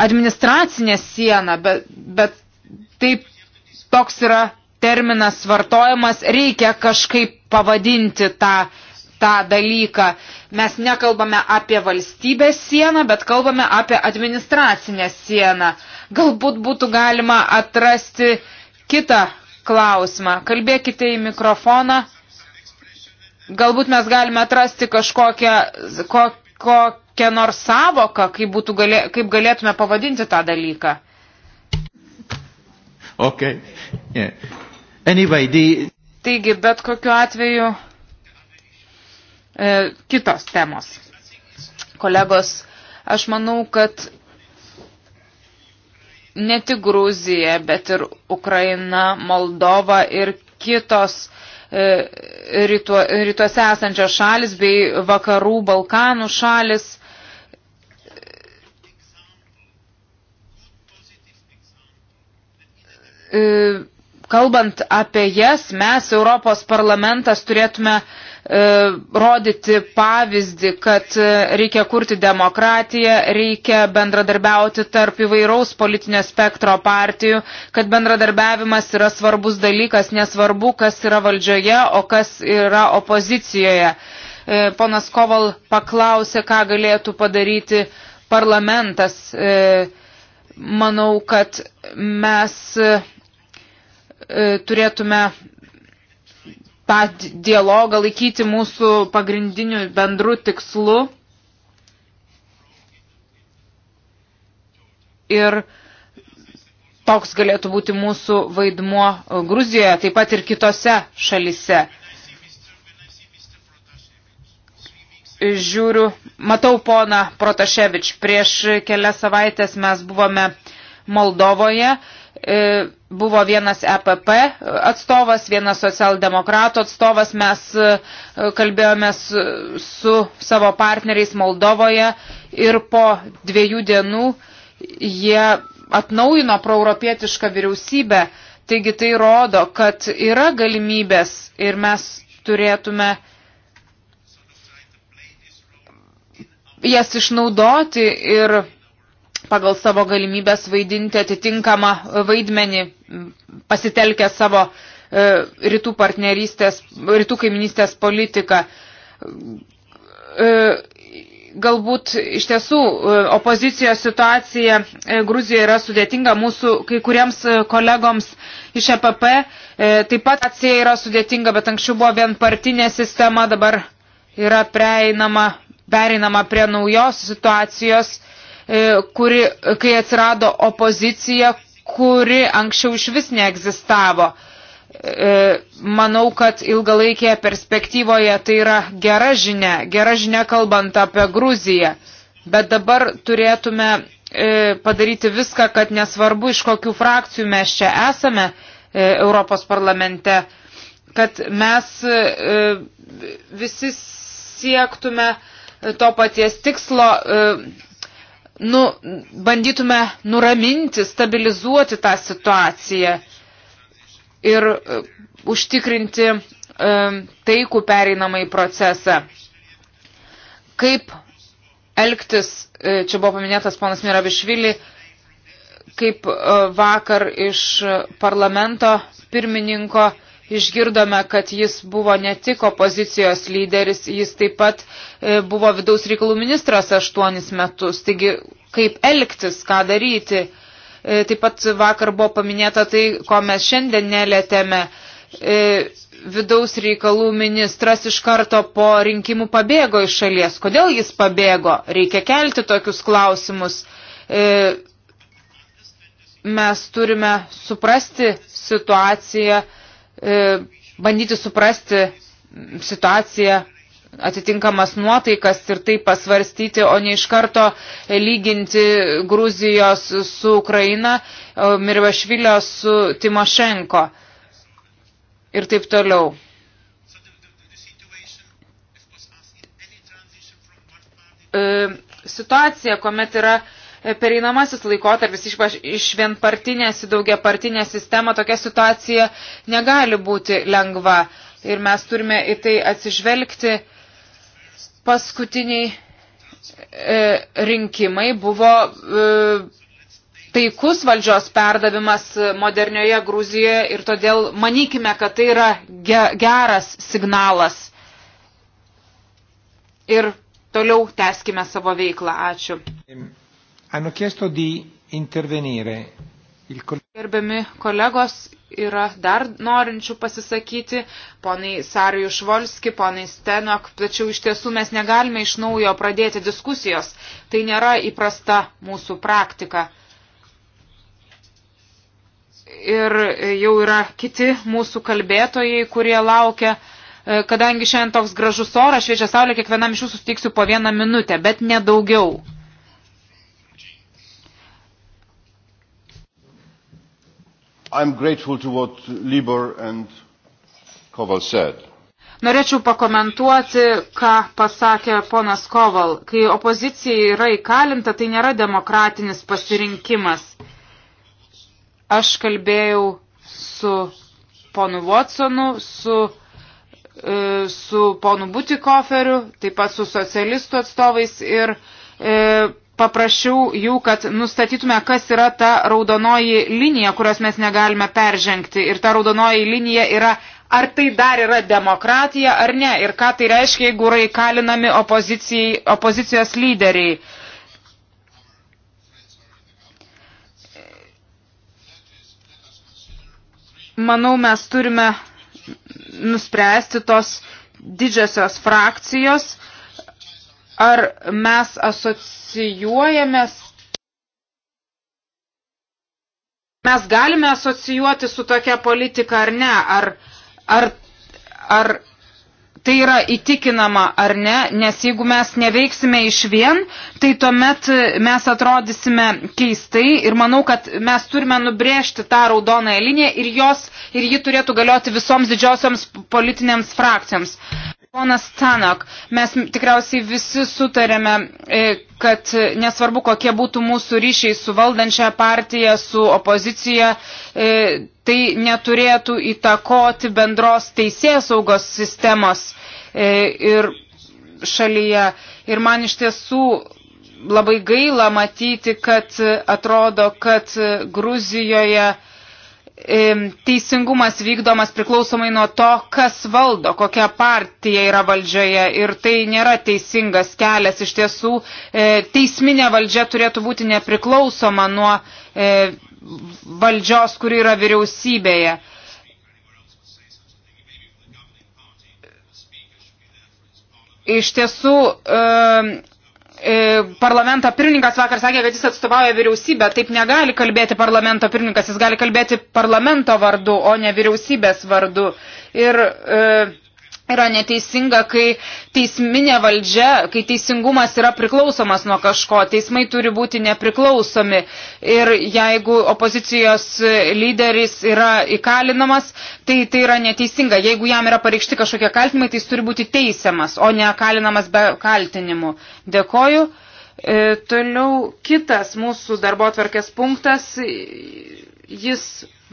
administracinė siena, bet, bet taip toks yra terminas vartojamas, reikia kažkaip pavadinti tą tą dalyką. Mes nekalbame apie valstybės sieną, bet kalbame apie administracinę sieną. Galbūt būtų galima atrasti kitą klausimą. Kalbėkite į mikrofoną. Galbūt mes galime atrasti kažkokią, ko, kokią nors savoką, kaip, galė, kaip galėtume pavadinti tą dalyką. Okay. Yeah. Anyway, the... Taigi, bet kokiu atveju e, kitos temos. Kolegos, aš manau, kad ne tik Gruzija, bet ir Ukraina, Moldova ir kitos e, rytu, rytuose esančios šalis bei vakarų Balkanų šalis e, kalbant apie jas, mes, Europos parlamentas, turėtume E, rodyti pavyzdį, kad e, reikia kurti demokratiją, reikia bendradarbiauti tarp įvairaus politinio spektro partijų, kad bendradarbiavimas yra svarbus dalykas, nesvarbu, kas yra valdžioje, o kas yra opozicijoje. E, ponas Koval paklausė, ką galėtų padaryti parlamentas. Manau, kad mes turėtume tą dialogą laikyti mūsų pagrindiniu bendru tikslu. Ir toks galėtų būti mūsų vaidmuo e, Gruzijoje, taip pat ir kitose šalise. Žiūriu, matau poną Protaševič. Prieš kelias savaitės mes buvome uh, Moldovoje e, buvo vienas EPP atstovas, vienas socialdemokratų atstovas. Mes e, kalbėjome su, su savo partneriais Moldovoje ir po dviejų dienų jie atnaujino proeuropietišką vyriausybę. Taigi tai rodo, kad yra galimybės ir mes turėtume jas išnaudoti ir pagal savo galimybės vaidinti atitinkamą vaidmenį, pasitelkę savo e, rytų partnerystės, rytų kaiminystės politiką. E, galbūt iš tiesų e, opozicijos situacija Gruzijoje yra sudėtinga mūsų kai kuriems kolegoms iš EPP. Taip pat situacija yra sudėtinga, bet anksčiau buvo vienpartinė sistema, dabar yra prieinama pereinama prie naujos situacijos E, kuri, kai atsirado opozicija, kuri anksčiau iš vis neegzistavo. E, manau, kad ilgalaikėje perspektyvoje tai yra gera žinia, gera žinia kalbant apie Gruziją. Bet dabar turėtume e, padaryti viską, kad nesvarbu, iš kokių frakcijų mes čia esame Europos parlamente, kad mes visi siektume to paties tikslo nu, bandytume nuraminti, stabilizuoti tą situaciją ir uh, užtikrinti uh, taikų pereinamąjį procesą. Kaip elgtis, uh, čia buvo paminėtas ponas Mirabišvili, kaip uh, vakar iš parlamento pirmininko uh, išgirdome, kad jis buvo ne tik opozicijos lyderis, jis taip pat e, buvo vidaus reikalų ministras aštuonis metus. Taigi, kaip elgtis, ką daryti. E, taip pat vakar buvo paminėta tai, ko mes šiandien nelėtėme. E, vidaus reikalų ministras iš karto po rinkimų pabėgo iš šalies. Kodėl jis pabėgo? Reikia kelti tokius klausimus. Mes turime suprasti situaciją E, bandyti suprasti situaciją atitinkamas nuotaikas ir tai pasvarstyti, o ne iš karto lyginti Gruzijos su Ukraina, Mirvašvilio su Timošenko ir taip toliau. E, situacija, kuomet yra pereinamasis laikotarpis iš, iš vienpartinės į daugiapartinę sistemą tokia situacija negali būti lengva. Ir mes turime į tai atsižvelgti. Paskutiniai e, rinkimai buvo e, taikus valdžios perdavimas modernioje Gruzijoje ir todėl manykime, kad tai yra ge, geras signalas. Ir toliau teskime savo veiklą. Ačiū. Hanno chiesto di intervenire. Il... Gerbiami kolegos, yra dar norinčių pasisakyti, ponai Sarijų Švolski, ponai Stenok, tačiau iš tiesų mes negalime iš naujo pradėti diskusijos. Tai nėra įprasta mūsų praktika. Ir jau yra kiti mūsų kalbėtojai, kurie laukia e, kadangi šiandien toks gražus oras, šviečia saulė, kiekvienam iš jūsų suteiksiu po vieną minutę, bet nedaugiau. I'm grateful to what Libor and Koval said. Norėčiau pakomentuoti, ką pasakė ponas Koval. Kai opozicija yra įkalinta, tai nėra demokratinis pasirinkimas. Aš kalbėjau su ponu Watsonu, su, e, su ponu Butikoferiu, taip pat su socialistų atstovais ir e, paprašiau jų, kad nustatytume, kas yra ta raudonoji linija, kurios mes negalime peržengti. Ir ta raudonoji linija yra, ar tai dar yra demokratija ar ne. Ir ką tai reiškia, jeigu yra įkalinami opozicijos lyderiai. Manau, mes turime nuspręsti tos didžiosios frakcijos, uh, ar mes asocijuojamės mes galime asocijuoti su tokia politika ar ne, ar, ar, ar tai yra įtikinama ar ne, nes jeigu mes neveiksime iš vien, tai tuomet mes atrodysime keistai ir manau, kad mes turime nubrėžti tą raudoną liniją ir, jos, ir ji turėtų galioti visoms didžiosioms politinėms frakcijoms. Ponas Tanok, mes tikriausiai visi sutarėme, e, kad nesvarbu, kokie būtų mūsų ryšiai su valdančia partija, su opozicija, e, tai neturėtų įtakoti bendros teisės saugos sistemos e, ir šalyje. Ir man iš tiesų labai gaila matyti, kad atrodo, kad Gruzijoje E, teisingumas vykdomas priklausomai nuo to, kas valdo, kokia partija yra valdžioje ir tai nėra teisingas kelias. Iš tiesų, e, teisminė valdžia turėtų būti nepriklausoma nuo e, valdžios, kuri yra vyriausybėje. Iš tiesų, E, parlamento pirmininkas vakar sakė, kad jis atstovauja vyriausybę. Taip negali kalbėti parlamento pirmininkas, jis gali kalbėti parlamento vardu, o ne vyriausybės vardu. Ir e, yra neteisinga, kai teisminė valdžia, kai teisingumas yra priklausomas nuo kažko, teismai turi būti nepriklausomi. Ir jeigu opozicijos lyderis yra įkalinamas, tai tai yra neteisinga. Jeigu jam yra pareikšti kažkokie kaltinimai, tai jis turi būti teisiamas, o ne kalinamas be kaltinimų. Dėkoju. E, toliau kitas mūsų darbo tvarkės punktas, jis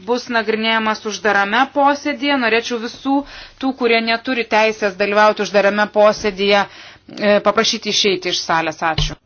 bus nagrinėjamas uždarame posėdėje. Norėčiau visų tų, kurie neturi teisės dalyvauti uždarame posėdėje, e, paprašyti išeiti iš salės. Ačiū.